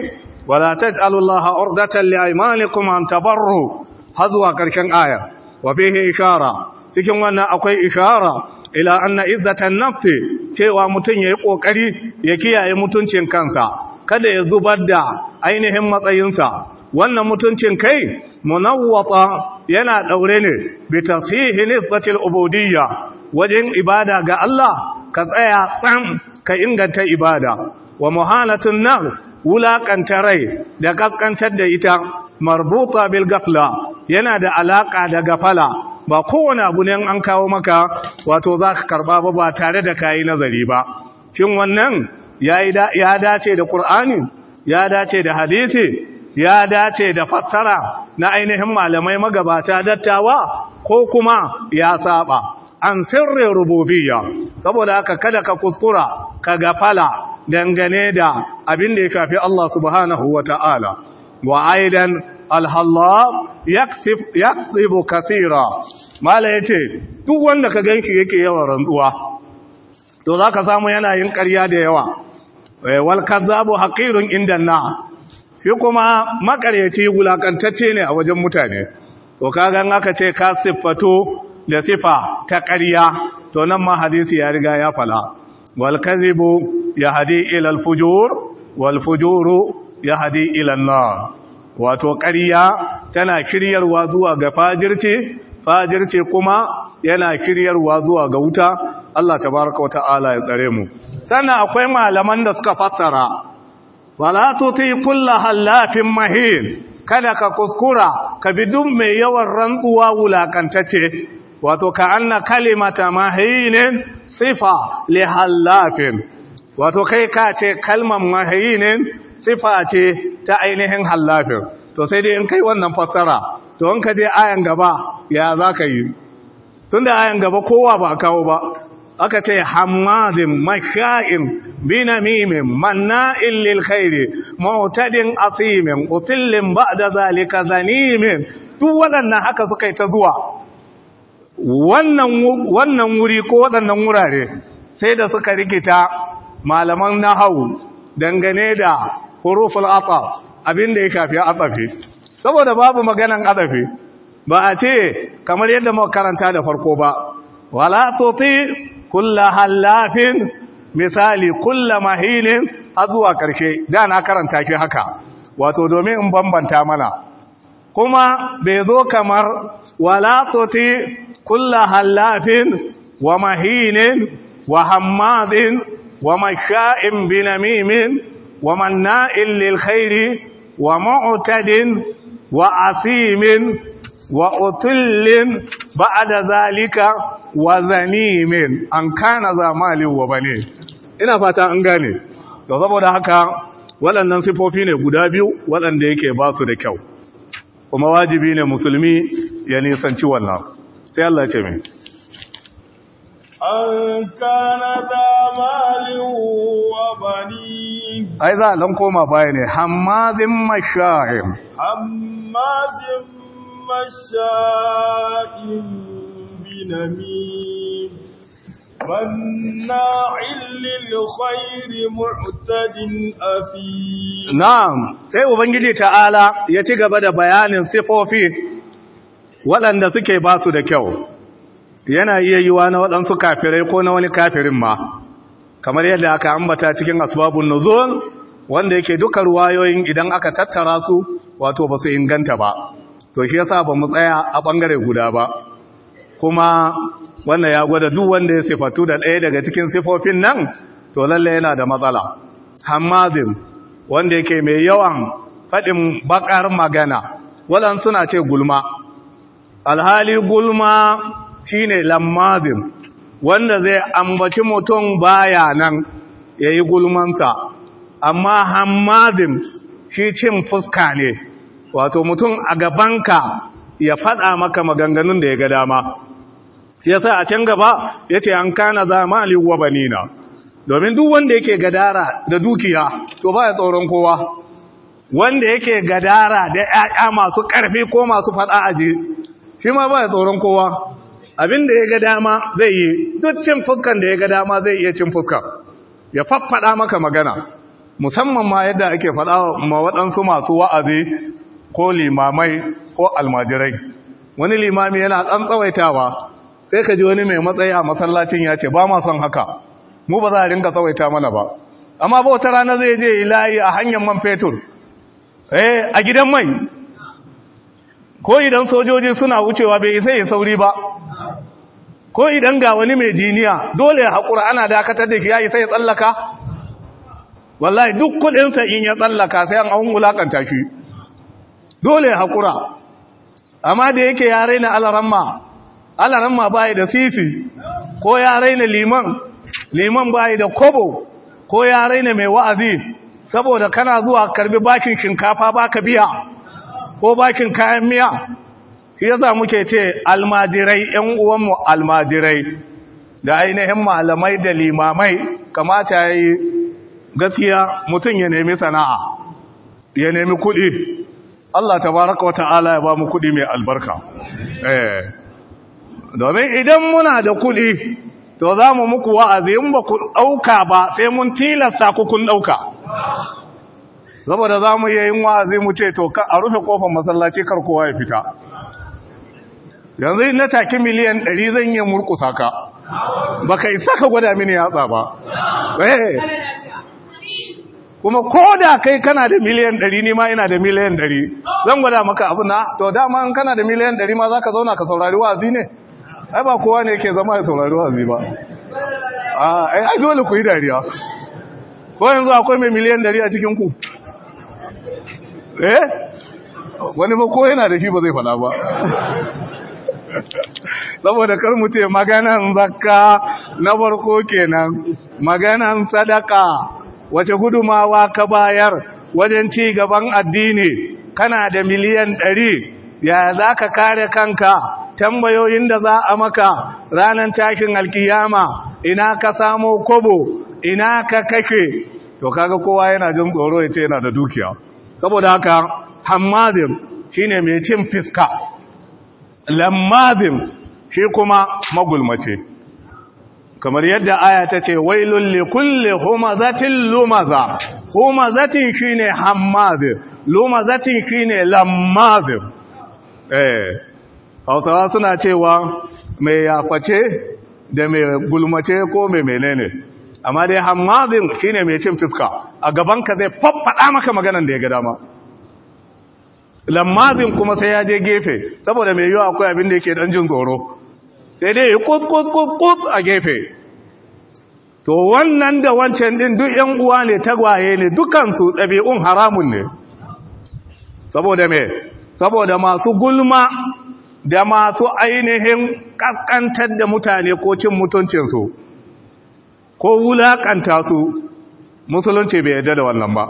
wala taj'alullaha urdatan liaymanikum an tabarru Hazuwa karshen aya wa fihi ishara cikin wannan akwai ishara ila anna izzatan nafsi cewa mutun yayi ƙoƙari ya kiyaye mutuncin kansa kada ya zubar da ainihin matsayinsa wannan mutuncin kai munawwata yana daure ne bi tasihi nisbatil ubudiyya wajen ibada ga Allah ka tsaya tsam ka inganta ibada wa muhalatun nar wulaƙantar rai da ƙaƙƙantar da ita marbuta bil gafla yana da alaƙa da gafala ba kowane abu ne an kawo maka wato za ka karba ba ba tare da kayi nazari ba shin wannan ya dace da ƙur'ani ya dace da hadisi ya dace da fassara na ainihin malamai magabata dattawa ko kuma ya saba an sirri rububiyya saboda haka kada ka kuskura ka gafala dangane da abin da ya shafi Allah subhanahu wa ta'ala wa aidan alhalla yaksibu kasira mala ya ce duk wanda ka gan shi yake yawan rantsuwa to za ka samu yana yin ƙarya da yawa eh, wal kazzabu haƙirin inda na shi kuma makaryaci wulakantacce ne a wajen mutane to gan aka ce ka siffato da sifa ta ƙarya to nan ma hadisi ya riga ya fala walkazibu ya hadi ilal fujur walfujuru ya hadi wato ƙarya tana shiryarwa zuwa ga fajirce fajirce kuma yana shiryarwa zuwa ga wuta Allah tabaraka wata'ala ya tsare mu sannan akwai malaman da suka fassara wala tuti kullu halafin mahin kada ka kuskura ka bi duk mai yawan rantsuwa wulakantacce wato ka anna kalimata mahayinin sifa li hallafin wato kai ka ce kalman mahayinin sifa ce ta ainihin hallafin to sai dai in kai wannan fassara to in ka je ayan gaba ya za ka yi Tun da ayan gaba kowa ba kawo ba aka ce hamadin masha'in binamimin manna'in lilkhairi mautadin asimin utillin ba da zalika zanimin duk waɗannan haka suka yi ta zuwa wannan wuri ko waɗannan wurare sai da suka rikita malaman nahawu dangane da huruful abin abinda ya shafi atsafi, saboda babu maganan atsafi, ba a ce kamar yadda makaranta da farko ba wala tuti Kulla halafin misali kulla mahilin a zuwa ƙarshe da na karanta shi haka wato domin in bambanta mana kuma bai zo kamar walatoti Kulla hallafin wa mahinin wa hammadin wa masha’in binamimin wa manna’in lilkhairi wa ma’utadin Wa'asimin, wa utullin ba da zalika wa zanimin an kana zamalin wa bane ina fata an gane saboda haka waɗannan sifofi ne guda biyu waɗanda yake ba su da kyau kuma wajibi ne musulmi ya nisanci wannan sai Allah ce mai an kana da malin wa bani ai za a dan koma baya ne hammazin masha'in hammazin masha'in binami مناع للخير معتد أثيم نعم sai ubangiji ta'ala ya ci gaba da bayanin sifofi waɗanda suke basu da kyau yana iya yiwa na waɗansu kafirai ko na wani kafirin ma kamar yadda aka ambata cikin asbabun nuzul wanda yake duka ruwayoyin idan aka tattara su wato basu inganta ba to shi yasa ba tsaya a ɓangare guda ba kuma wannan ya gwada duk wanda ya sifatu da ɗaya daga cikin sifofin nan to lalle yana da matsala hamadin wanda yake mai yawan faɗin bakar magana walan suna ce gulma alhali gulma shine lammadin wanda zai ambaci mutum baya nan ya yayi gulmansa amma hamadin shi cin fuska ne wato mutum a gabanka ya faɗa maka maganganun da ya ga dama yasa a can gaba ya ce an kana ba ni banina domin duk wanda yake gadara da dukiya to ba ya tsoron kowa wanda yake gadara da 'ya'ya masu ƙarfi ko masu fada ji shi ma ba ya tsoron kowa abin da ya ga dama zai yi duk cin fuskan da ya ga dama zai iya cin fuska ya faffada maka magana musamman ma yadda ake fada ma waɗansu masu wa'azi ko limamai ko almajirai wani limami yana ɗan tsawaitawa sai ka ji wani mai matsayi a masallacin ya ce ba ma son haka mu ba za a rinka tsawaita mana ba amma ba wata rana zai je yi layi a hanyar man fetur eh a gidan mai ko idan sojoji suna wucewa bai isa ya sauri ba ko idan ga wani mai jiniya dole ya haƙura ana dakatar da ya isa ya tsallaka wallahi duk kudinsa in ya tsallaka sai an an wulakanta shi dole ya haƙura amma da yake ya raina alaramma nan ma bai da sisi ko ya raina liman liman bai da kobo ko ya raina mai wa'azi saboda kana zuwa karbi bakin shinkafa baka biya ko bakin kayan miya shi yasa muke ce almajirai 'yan uwanmu almajirai da ainihin malamai da limamai kamata yayi gaskiya mutum ya nemi sana'a ya nemi kuɗi Allah tabaraka wa ta'ala ya ba mu kuɗi mai albarka eh domin idan muna da kuɗi to za mu muku wa'azi in ba ku ɗauka ba sai mun tilasta ku kun ɗauka saboda za mu iya yin wa'azi mu ce to a rufe kofar masallaci kar kowa ya fita yanzu na taki miliyan ɗari zan yi murkusa saka ba ka isa ka gwada mini yatsa ba eh. kuma ko da kai kana da miliyan ɗari ni ma ina da miliyan ɗari zan gwada maka abu na to dama kana da miliyan ɗari ma za ka zauna ka saurari wazi ne ai ba kowa ne yake zama da saurari wa'azi ba a ai dole ku yi dariya ko yanzu akwai mai miliyan dari a cikin ku eh wani ba ko yana da shi ba zai fada ba *laughs* saboda kar mu ce maganan zakka na farko kenan maganan sadaka wace gudumawa ka bayar wajen ci gaban addini kana da miliyan ɗari ya za ka kare kanka tambayoyin da za a maka ranar takin alkiyama ina ka samo kobo ina ka kake to kaga kowa yana jin tsoro ya ce yana da dukiya saboda haka hammadin shine mai cin fiska lammadin shi kuma magulmace kamar yadda aya ta ce wailul likulli humazatin lumaza humazatin shine hammadin lumazatin shine lammadin eh hausawa suna cewa mai yaface da mai gulmace ko mai menene amma dai hamadin ne mai cin fiska a gabanka zai faffaɗa maka maganan da ya ga dama lammazin kuma sai ya je gefe saboda mai yiwa akwai abin da yake dan jin tsoro sai dai kus kus kus a gefe to wannan da wancan ɗin duk yan uwa ne tagwaye ne dukansu ɗabi'un haramun ne saboda me saboda masu gulma da masu ainihin ƙasƙantar da mutane ko cin mutuncinsu ko wulaƙanta su musulunci bai yarda da wannan ba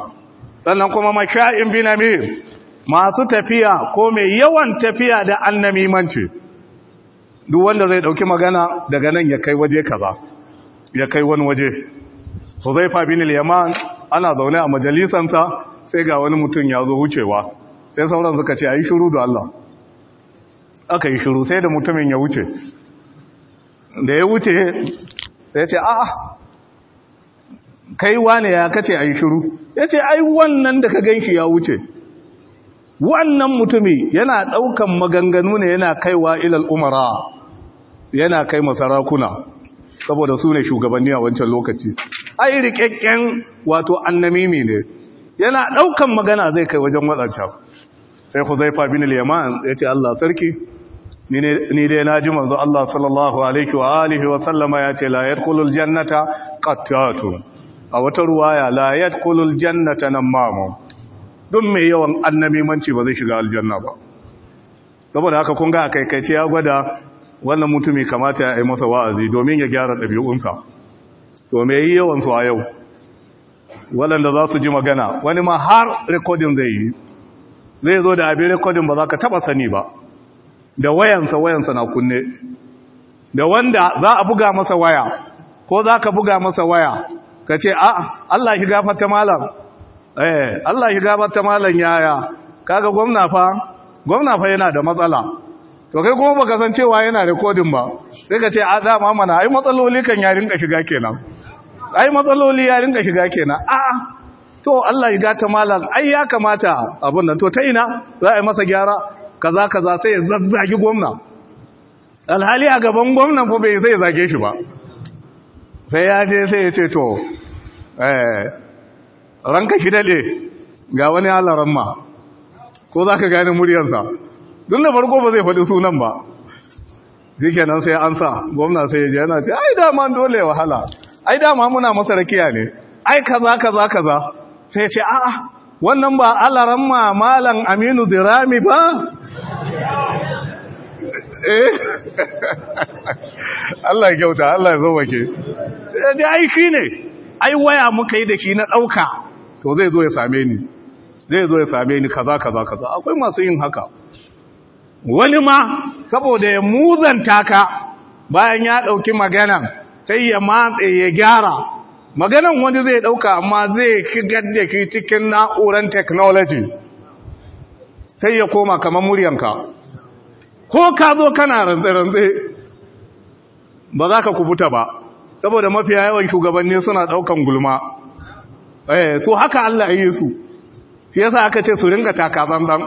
sannan kuma masha'in binami masu tafiya ko mai yawan tafiya da annamimanci duk wanda zai ɗauki magana daga nan ya kai waje kaza ya kai wani waje huzaifa bin al-yaman ana zaune a majalisansa sai ga wani mutum ya zo wucewa sai sauran suka ce a yi shiru da Allah aka yi shiru sai da mutumin ya wuce da ya wuce ya ce a'a kai wane ya kace a yi shiru ya ce ai wannan da ka gan shi ya wuce wannan mutumi yana ɗaukan maganganu ne yana kaiwa ilal umara yana kai masarakuna saboda su ne shugabanni a wancan lokaci ai rikakken wato annamimi ne yana ɗaukan magana zai kai wajen waɗancan sai huzaifa bin al-yaman ya ce Allah sarki ni dai na ji manzo Allah sallallahu alaihi wa alihi wa sallama ya ce la yadkhulul jannata qattatu a wata ruwaya la yadkhulul jannata namamu duk mai yawan manci ba zai shiga aljanna ba saboda haka kun ga kai kai ce ya gwada wannan mutumi kamata ya yi masa wa'azi domin ya gyara dabi'unsa to me yi yawan su a yau wanda za su ji magana wani ma har recording zai yi zai zo da abin rikodin ba za ka taɓa sani ba da wayansa wayansa na kunne da wanda za a buga masa waya ko za ka buga masa waya ka ce a ah, Allah shi ta malam eh Allah shi ta malam yaya kaga gwamna fa gwamna fa yana da matsala to kai kuma baka san cewa yana recording ba sai ka ce a ah, ma mana ai matsaloli kan ya rinka shiga kenan ai matsaloli ya rinka shiga kenan a'a to Allah ya ta malam ai ya kamata abun nan to ta ina za a yi masa gyara kaza kaza sai ya zazzaki gwamna alhali a gaban gwamnan fa bai sai ya zage shi ba sai ya je sai ya ce to eh ranka shi dade ga wani alaran ma ko za ka gane muryarsa tun da farko ba zai faɗi sunan ba shikenan sai an sa gwamna sai ya je yana ce ai dama dole wahala ai dama muna masa rakiya ne ai kaza kaza kaza sai ya ce a'a wannan ba alaran malan aminu dirami ba eh *laughs* Allah ya kyauta Allah ya zo bake eh, dai ai shi ne ai waya muka yi da shi na dauka to zai zo ya same ni zai zo ya same ni kaza kaza kaza akwai masu yin haka wani ma saboda ya muzanta ka bayan ya dauki magana sai ya matse ya gyara maganan wanda zai ɗauka amma zai shigar da ke cikin na'uran technology sai ya koma kamar muryanka ko ka zo kana rantse ba za ka kubuta ba saboda mafiya yawan shugabanni suna ɗaukan gulma eh so haka Allah ya yi su shi yasa aka ce su ringa takatsantsan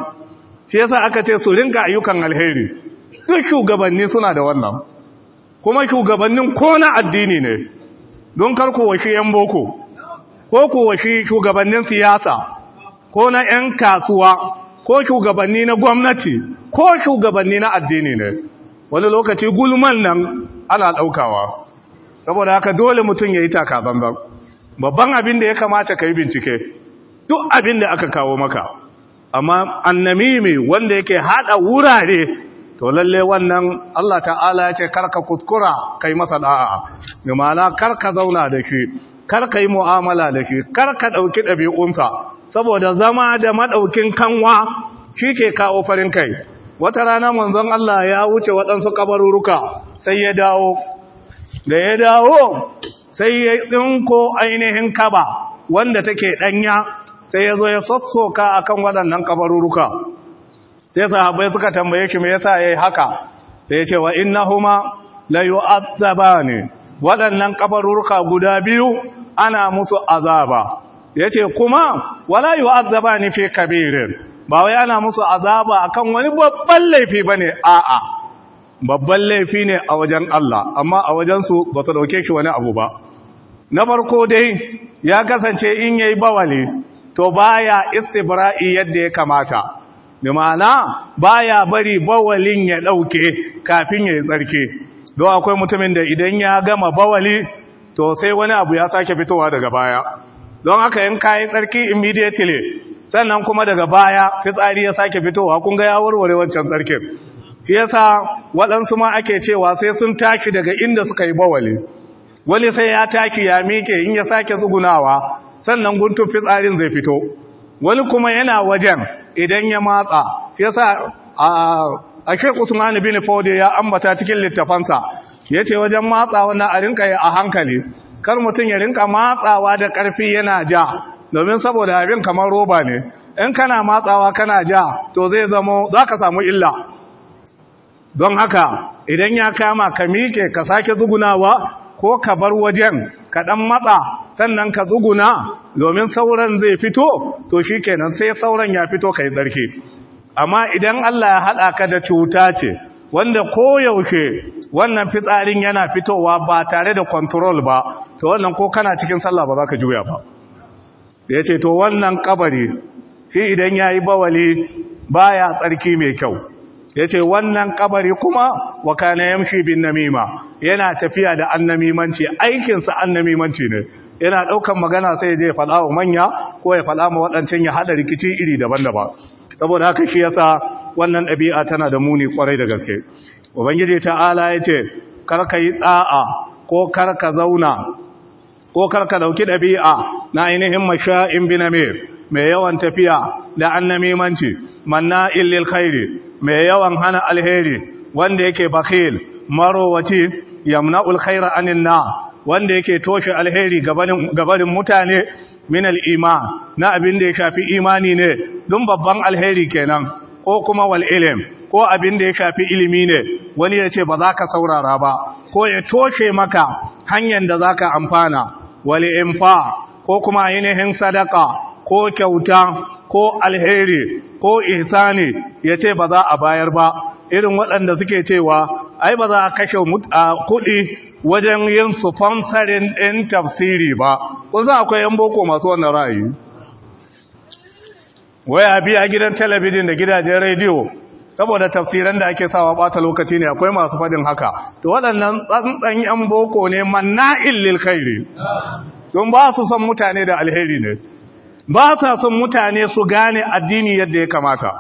shi yasa aka ce su ringa ayyukan alheri duk shugabanni suna da wannan kuma shugabannin ko na addini ne don kar ku washi 'yan boko ko ku washi shugabannin siyasa ko na 'yan kasuwa ko shugabanni na gwamnati ko shugabanni na addini ne wani lokaci gulman nan ana ɗaukawa saboda haka dole mutum ya yi takabanban babban abin da ya kamata ka yi bincike duk abin da aka kawo maka amma annamimi wanda yake haɗa wurare to lalle wannan Allah ta'ala ya ce karka kuskura kai masa da'a bi karka zauna da shi karka yi mu'amala da shi karka dauki dabi'unsa saboda zama da madaukin kanwa shi ke kawo farin kai wata rana manzon Allah ya wuce waɗansu kabaruruka sai ya dawo da ya dawo sai ya tsinko ainihin kaba wanda take danya sai ya zo ya sassoka akan waɗannan kabaruruka sai sahabai suka tambaye shi me yasa yayi haka sai ya ce wa innahuma la yu'adzabani waɗannan kabarurka guda biyu ana musu azaba yace kuma wala yu'adzabani fi kabirin ba wai ana musu azaba akan wani babban laifi bane a'a babban laifi ne a wajen Allah amma a wajen su ba su dauke shi wani abu ba na farko dai ya kasance in yayi bawali to baya istibra'i yadda ya kamata bi ma'ana ya bari bawalin ya ɗauke kafin ya yi tsarki don akwai mutumin da idan ya gama bawali to sai wani abu ya sake fitowa daga baya don haka yin kayan tsarki immediately sannan kuma daga baya fitsari ya sake fitowa kun ga ya warware wancan tsarkin shi yasa waɗansu ma ake cewa sai sun taki daga inda suka yi bawali wani sai ya taki ya miƙe in ya sake tsugunawa sannan guntun fitsarin zai fito wani kuma yana wajen idan ya matsa shi yasa a Sheikh Usman bin Fodi ya ambata cikin littafansa ya ce wajen matsa na a rinka a hankali kar mutum ya rinka matsawa da karfi yana ja domin saboda abin kamar roba ne in kana matsawa kana ja to zai zama ka samu illa don haka idan ya kama ka miƙe ka sake zugunawa ko ka bar wajen ka ɗan matsa sannan ka zuguna domin sauran zai fito to shi kenan sai sauran ya fito ka yi tsarki amma idan Allah ya haɗa ka da cuta ce wanda koyaushe wannan fitsarin yana fitowa ba tare da control ba to wannan ko kana cikin sallah ba za ka juya ba ya ce to wannan kabari shi idan ya yi bawali ba ya tsarki mai kyau yace wannan kabari kuma wa kana yamshi bin namima yana tafiya da annamimanci aikinsa annamimanci ne yana daukan magana sai ya je fada wa manya ko ya fada wa wadancan ya haɗa rikici iri daban-daban saboda haka shi yasa wannan ɗabi'a tana da muni kwarai da gaske ubangiji ta'ala yace kar ka yi da'a ko karka ka zauna ko kar ka dauki dabi'a na ainihin masha'in binamir mai yawan tafiya da annamimanci manna, illil, khairi mai yawan hana alheri wanda yake bakhil marowaci yamna'ul khaira anin na wanda yake toshe alheri gabanin mutane min iman na abin da ya shafi imani ne dun babban alheri kenan ko kuma wal ilim ko abin da ya shafi ilimi ne wani ya ce ba za ka saurara ba ko ya toshe maka hanyar da za ka amfana wal infa ko kuma ainihin sadaka ko kyauta ko alheri ko ihsani ya ce ba za a bayar ba irin waɗanda suke cewa ai ba za a kashe kuɗi wajen yin su fansarin ɗin tafsiri ba Ko za akwai yan boko masu wannan ra'ayi waya biya gidan talabijin da gidajen rediyo saboda tafsiran da ake sawa bata lokaci ne akwai masu faɗin haka to waɗannan tsantsan yan boko ne manna'il lil khairi don ba su son mutane da alheri ne ba sa son mutane su gane addini yadda ya kamata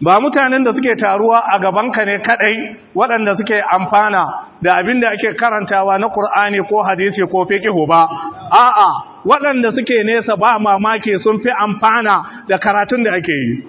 ba mutanen da suke taruwa a gaban ka ne kadai waɗanda suke amfana da abin da ake karantawa na ƙur'ani ko hadisi ko fiqhu ba a'a waɗanda suke nesa ba mamaki sun fi amfana da karatun da ake yi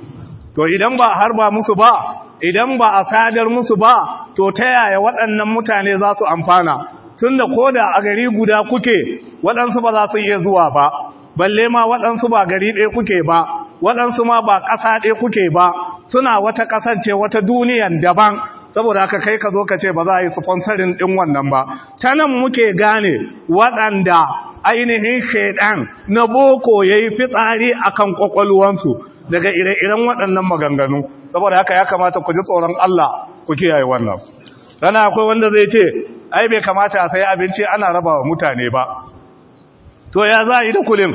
to idan ba har ba musu ba idan ba a sadar musu ba to ta yaya waɗannan mutane za su amfana tunda da a gari guda kuke waɗansu ba za su iya zuwa ba balle ma waɗansu ba gari ɗaya kuke ba waɗansu ma ba ƙasa ɗaya kuke ba suna wata ƙasance wata duniyan daban saboda aka kai ka zo ka ce ba za a yi sponsorin ɗin wannan ba ta nan muke gane waɗanda ainihin shaidan na boko ya yi fitsari a kan ƙwaƙwalwansu daga ire-iren waɗannan maganganu saboda haka ya kamata ku ji tsoron Allah ku kiyaye wannan rana akwai wanda zai ce ai bai kamata a sayi abinci ana raba wa mutane ba to ya za a yi da kulim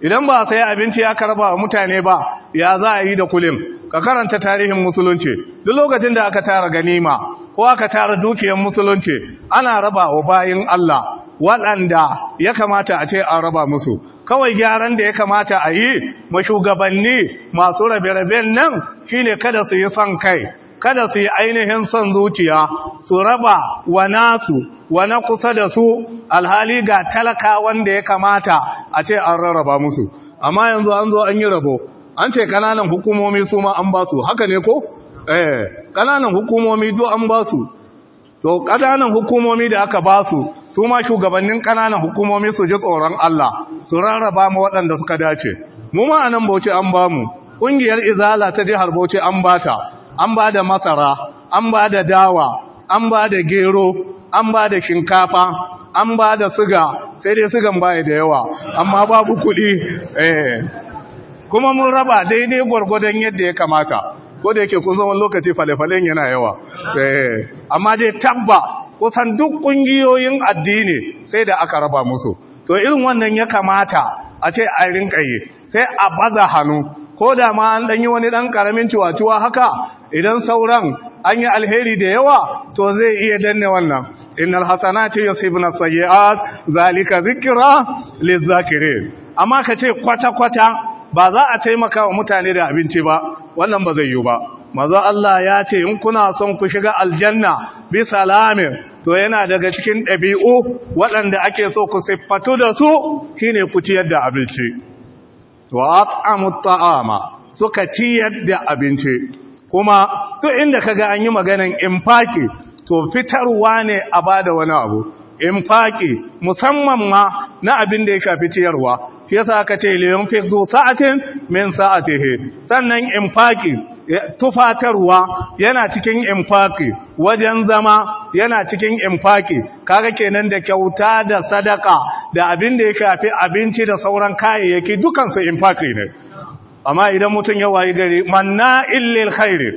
idan ba sai abinci ya karba wa mutane ba ya za a yi da kulim ka karanta tarihin musulunci duk lokacin da aka tara ganima ko aka tara dukiyar musulunci ana raba wa bayin Allah waɗanda ya kamata a ce an raba musu kawai gyaran da ya kamata a yi mashugabanni masu rabe-raben nan shi ne kada su yi son kai kada su yi ainihin son zuciya su raba wa nasu wa na kusa da su alhali ga talaka wanda ya kamata a ce an rarraba musu amma yanzu an zo an yi rabo an ce kananan hukumomi su ma an ba su haka ne ko eh kananan hukumomi duk an ba su to kananan hukumomi da aka ba su su ma shugabannin kananan hukumomi su ji tsoron Allah su rarraba mu waɗanda suka dace mu ma anan Bauchi an ba mu kungiyar izala ta jihar Bauchi an ba ta an ba da masara an ba da dawa an ba da gero an ba da shinkafa an ba da siga sai dai sigan baya da yawa amma babu kuɗi eh kuma mun raba daidai gwargwadon yadda ya kamata ko da yake kun zama lokaci fale-falen yana yawa eh amma dai tabba kusan duk kungiyoyin addini sai da aka raba musu to irin wannan ya kamata a ce a rinka yi sai a baza hannu ko da ma an danyi wani ɗan ƙaramin cuwacuwa haka idan sauran an yi alheri da yawa to zai iya danne wannan innal hasanati yusibna sayyi'at zalika zikra lizakirin amma ka ce kwata kwata ba za a taimaka wa mutane da abinci ba wannan ba zai yi ba maza Allah ya ce in kuna son ku shiga aljanna bi salamin to yana daga cikin ɗabi'u waɗanda ake so ku siffatu da su shine ku ciyar da abinci wa at'amu ta'ama suka ciyar da abinci kuma duk inda kaga an yi maganan infaki to fitarwa ne a bada wani abu infaki musamman ma na abin da ya shafi ciyarwa shi yasa aka ce liyan zo sa'atin min sa'atihi sannan infaki tufatarwa yana cikin infaki wajen zama yana cikin infaki kaga kenan da kyauta da sadaka da abin da ya shafi abinci da sauran kayayyaki dukansu infaki ne amma idan mutum ya wayi gari manna illil khairi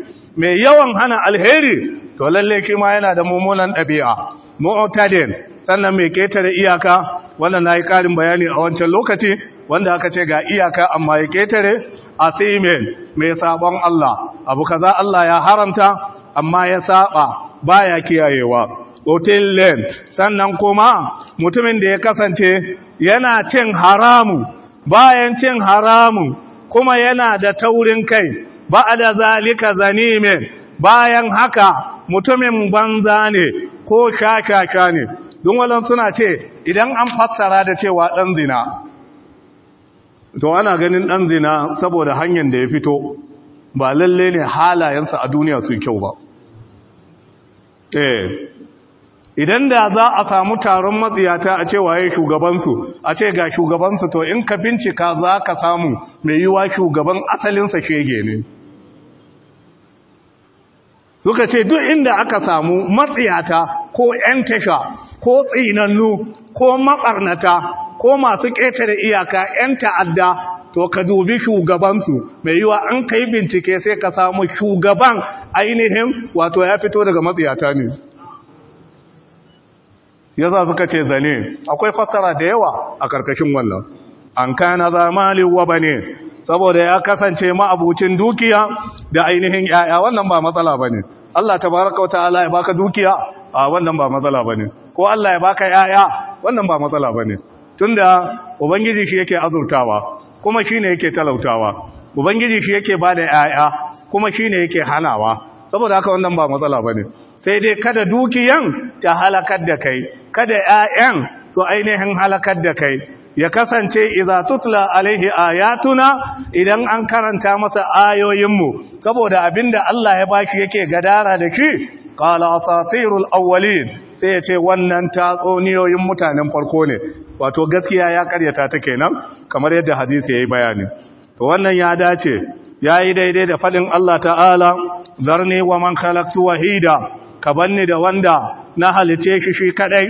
mai yawan hana alheri to lalle shi ma yana da mummunan ɗabi'a mu'tadin sannan mai ketare iyaka wannan nayi karin bayani a wancan lokaci wanda aka ce ga iyaka amma ya ketare asimin mai sabon Allah abu kaza Allah ya haramta amma ya saba baya kiyayewa otillin sannan kuma mutumin da ya kasance yana cin haramu bayan cin haramu kuma yana da taurin kai ba da zalika zanime bayan haka mutumin banza ne ko kakaka ne don walan suna ce idan an fassara da cewa dan zina to ana ganin ɗan zina saboda hanyar da ya fito ba lalle ne halayensa a duniya su kyau ba eh idan da za a samu taron matsiyata a ce waye shugabansu a ce ga shugabansu to in ka bincika za ka samu mai yiwa shugaban asalinsa shege ne suka ce duk inda aka samu matsiyata ko 'yan tasha ko tsinannu ko maɓarnata ko masu ƙetare iyaka 'yan ta'adda to ka dubi shugabansu mai yiwa an ka yi bincike sai ka samu shugaban ainihin wato ya fito daga matsiyata ne ya za suka ce zane akwai fassara da yawa a karkashin wannan an kana zamali wa ne. saboda ya kasance ma'abucin dukiya da ainihin yaya wannan ba matsala ba ne. Allah ta baraka wata ala ya baka dukiya a wannan ba matsala bane ko Allah ya baka yaya wannan ba matsala bane tunda ubangiji shi yake azurtawa kuma shi ne yake talautawa ubangiji shi yake bada yaya kuma shi ne yake hanawa saboda haka wannan ba matsala bane sai dai kada dukiyan ta halakar da kai kada 'ya'yan to ainihin halakar da kai ya kasance iza tutla alaihi ayatuna idan an karanta masa ayoyinmu saboda abinda Allah ya bashi yake gadara da shi qala asatirul awwalin sai ya ce wannan tatsuniyoyin mutanen farko ne wato gaskiya ya karyata ta kenan kamar yadda hadisi yayi bayani to wannan ya dace yayi daidai da faɗin Allah ta'ala zarni wa man khalaqtu wahida kabanni da wanda na halice shi shi kadai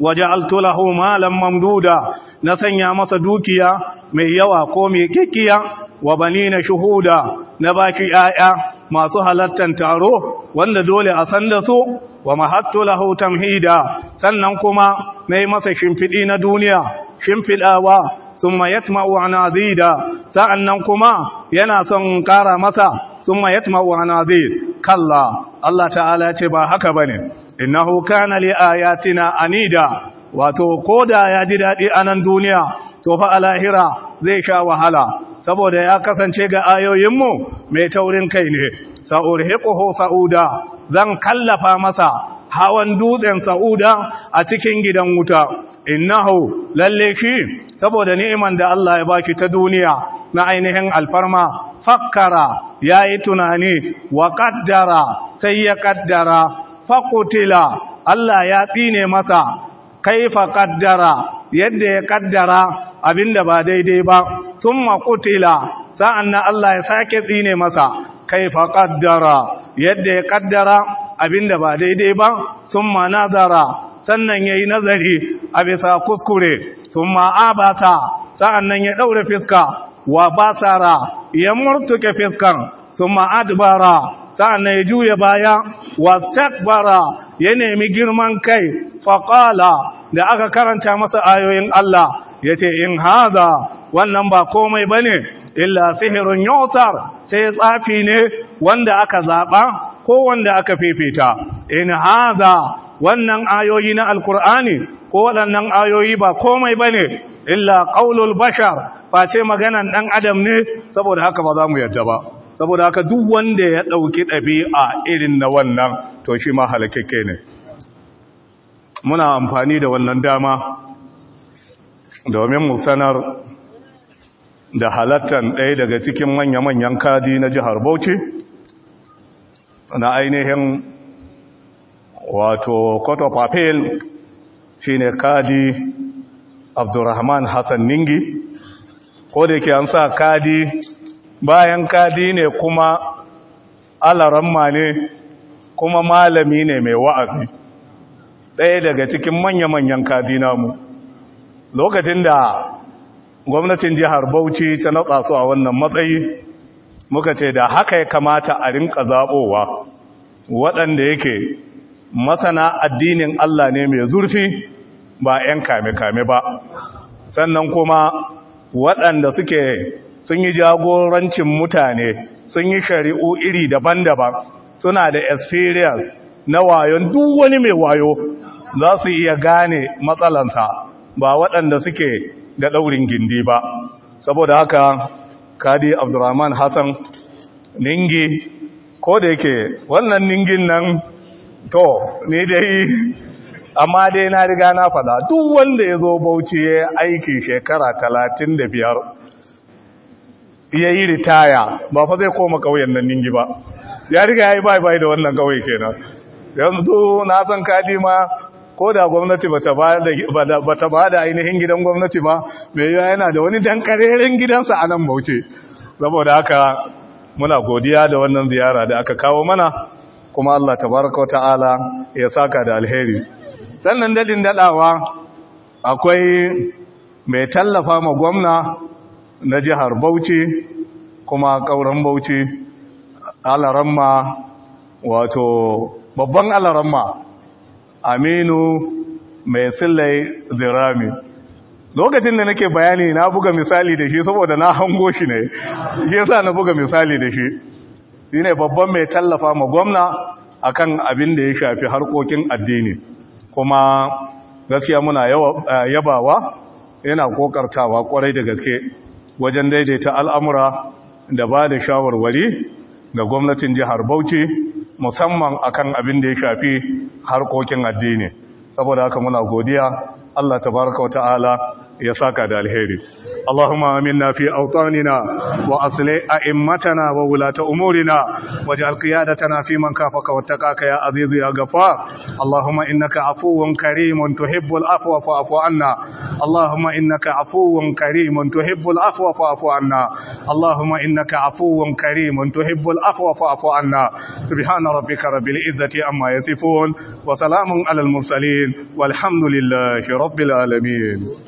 waje altulahu malam mamduda na sanya masa dukiya mai yawa ko mai kikkiya wa bani na shuhuda na baki 'ya'ya masu halattan taro wanda dole a san da su wa mahattu tamhida sannan kuma nayi masa shimfidi na duniya shimfidawa thumma da, anazida sa'annan kuma yana son kara masa thumma yatma'u anazid kalla Allah ta'ala ce ba haka bane innahu kana li ayatina anida wato koda ya ji daɗi a nan duniya to fa a lahira zai sha wahala saboda ya kasance ga ayoyinmu mai taurin kai ne Sa'ur sa'urhiquhu sa'uda zan kallafa masa hawan dutsen sa'uda a cikin gidan wuta innahu lalle shi saboda ni'iman da Allah ya baki ta duniya na ainihin alfarma fakkara yayi tunani wa qaddara sai ya qaddara faƙutila Allah ya tsine masa kaifa ƙaddara yadda ya ƙaddara abinda ba daidai ba sun maƙutila sa'an na Allah ya sake tsine masa kaifa ƙaddara yadda ya ƙaddara abinda ba daidai ba sun ma nazara sannan ya yi nazari a bisa kuskure sun ma abata sa'an nan ya ɗaure fiska wa basara ya murtuke fiskan sun ma adubara. na ya juya baya wastakbara ya nemi girman kai faqala da aka karanta masa ayoyin Allah ce in haza wannan ba komai ne, illa sihirin yutar sai tsafi ne wanda aka zaɓa, ko wanda aka fifita in haza wannan ayoyi na alkur'ani ko waɗannan ayoyi ba komai ba ne illa ƙaulul bashar face maganan ɗan adam ne saboda haka ba za mu yadda ba saboda haka duk wanda ya ɗauki ɗabi'a irin na wannan to shi ma halakakke ne muna amfani da wannan dama domin mu sanar da halattan ɗaya daga cikin manya-manyan kaji na jihar bauchi na ainihin wato koto papel shi ne kaji abdurrahman hassan ningi ko da yake an sa kadi. bayan kadi ne kuma alaramma ne kuma malami ne mai wa'azi ɗaya daga cikin manya-manyan kadi namu lokacin da gwamnatin jihar bauchi ta natsa su a wannan matsayi muka ce da haka ya kamata a rinka zaɓowa waɗanda yake masana addinin Allah ne mai zurfi ba ‘yan kame-kame ba sannan kuma waɗanda suke sun yi jagorancin mutane sun yi shari'u iri daban-daban suna da experience na wayon duk wani mai wayo za su iya gane matsalansa ba waɗanda suke da ɗaurin gindi ba saboda haka kadi abdurrahman hassan ningi ko da yake wannan ningin nan to ne dai amma dai na riga na fada duk wanda ya zo bauchi ya aiki shekara talatin da biyar ya yi ritaya ba fa zai koma ƙauyen nan ningi ba ya riga ya yi bai bai da wannan ƙauye kenan yanzu na san kaji ma ko da gwamnati ba ta ba da ainihin gidan gwamnati ba mai yiwa yana da wani dan gidansa a nan bauce saboda haka muna godiya da wannan ziyara da aka kawo mana kuma Allah tabaraka wa ta'ala ya saka da alheri sannan dadin dadawa akwai mai tallafa ma gwamna na jihar bauchi kuma ƙauren bauchi alaramma wato babban alaramma aminu mai tsillai zirami lokacin da nake bayani na buga misali da shi saboda na hango shi ne ya sa na buga misali da shi shi ne babban mai tallafa ma gwamna A kan abin da ya shafi harkokin addini kuma gaskiya muna eh, yabawa yana kokartawa kwarai da gaske wajen daidaita al'amura da ba da shawarwari ga gwamnatin jihar Bauchi musamman akan abin da ya shafi harkokin addini saboda haka muna godiya Allah tabaraka wa ta'ala ya saka da alheri Allahumma aminna fi awtanina wa asli a'immatana wa wulata umurina waj'al qiyadatana fi man kafaka wattaqaka ya aziz ya ghafar Allahumma innaka afuwun karimun tuhibbul afwa fa'fu anna Allahumma innaka afuwun karimun tuhibbul afwa fa'fu anna Allahumma innaka afuwun karimun tuhibbul afwa fa'fu anna subhana rabbika rabbil izzati amma yasifun wa salamun alal mursalin walhamdulillahi rabbil alamin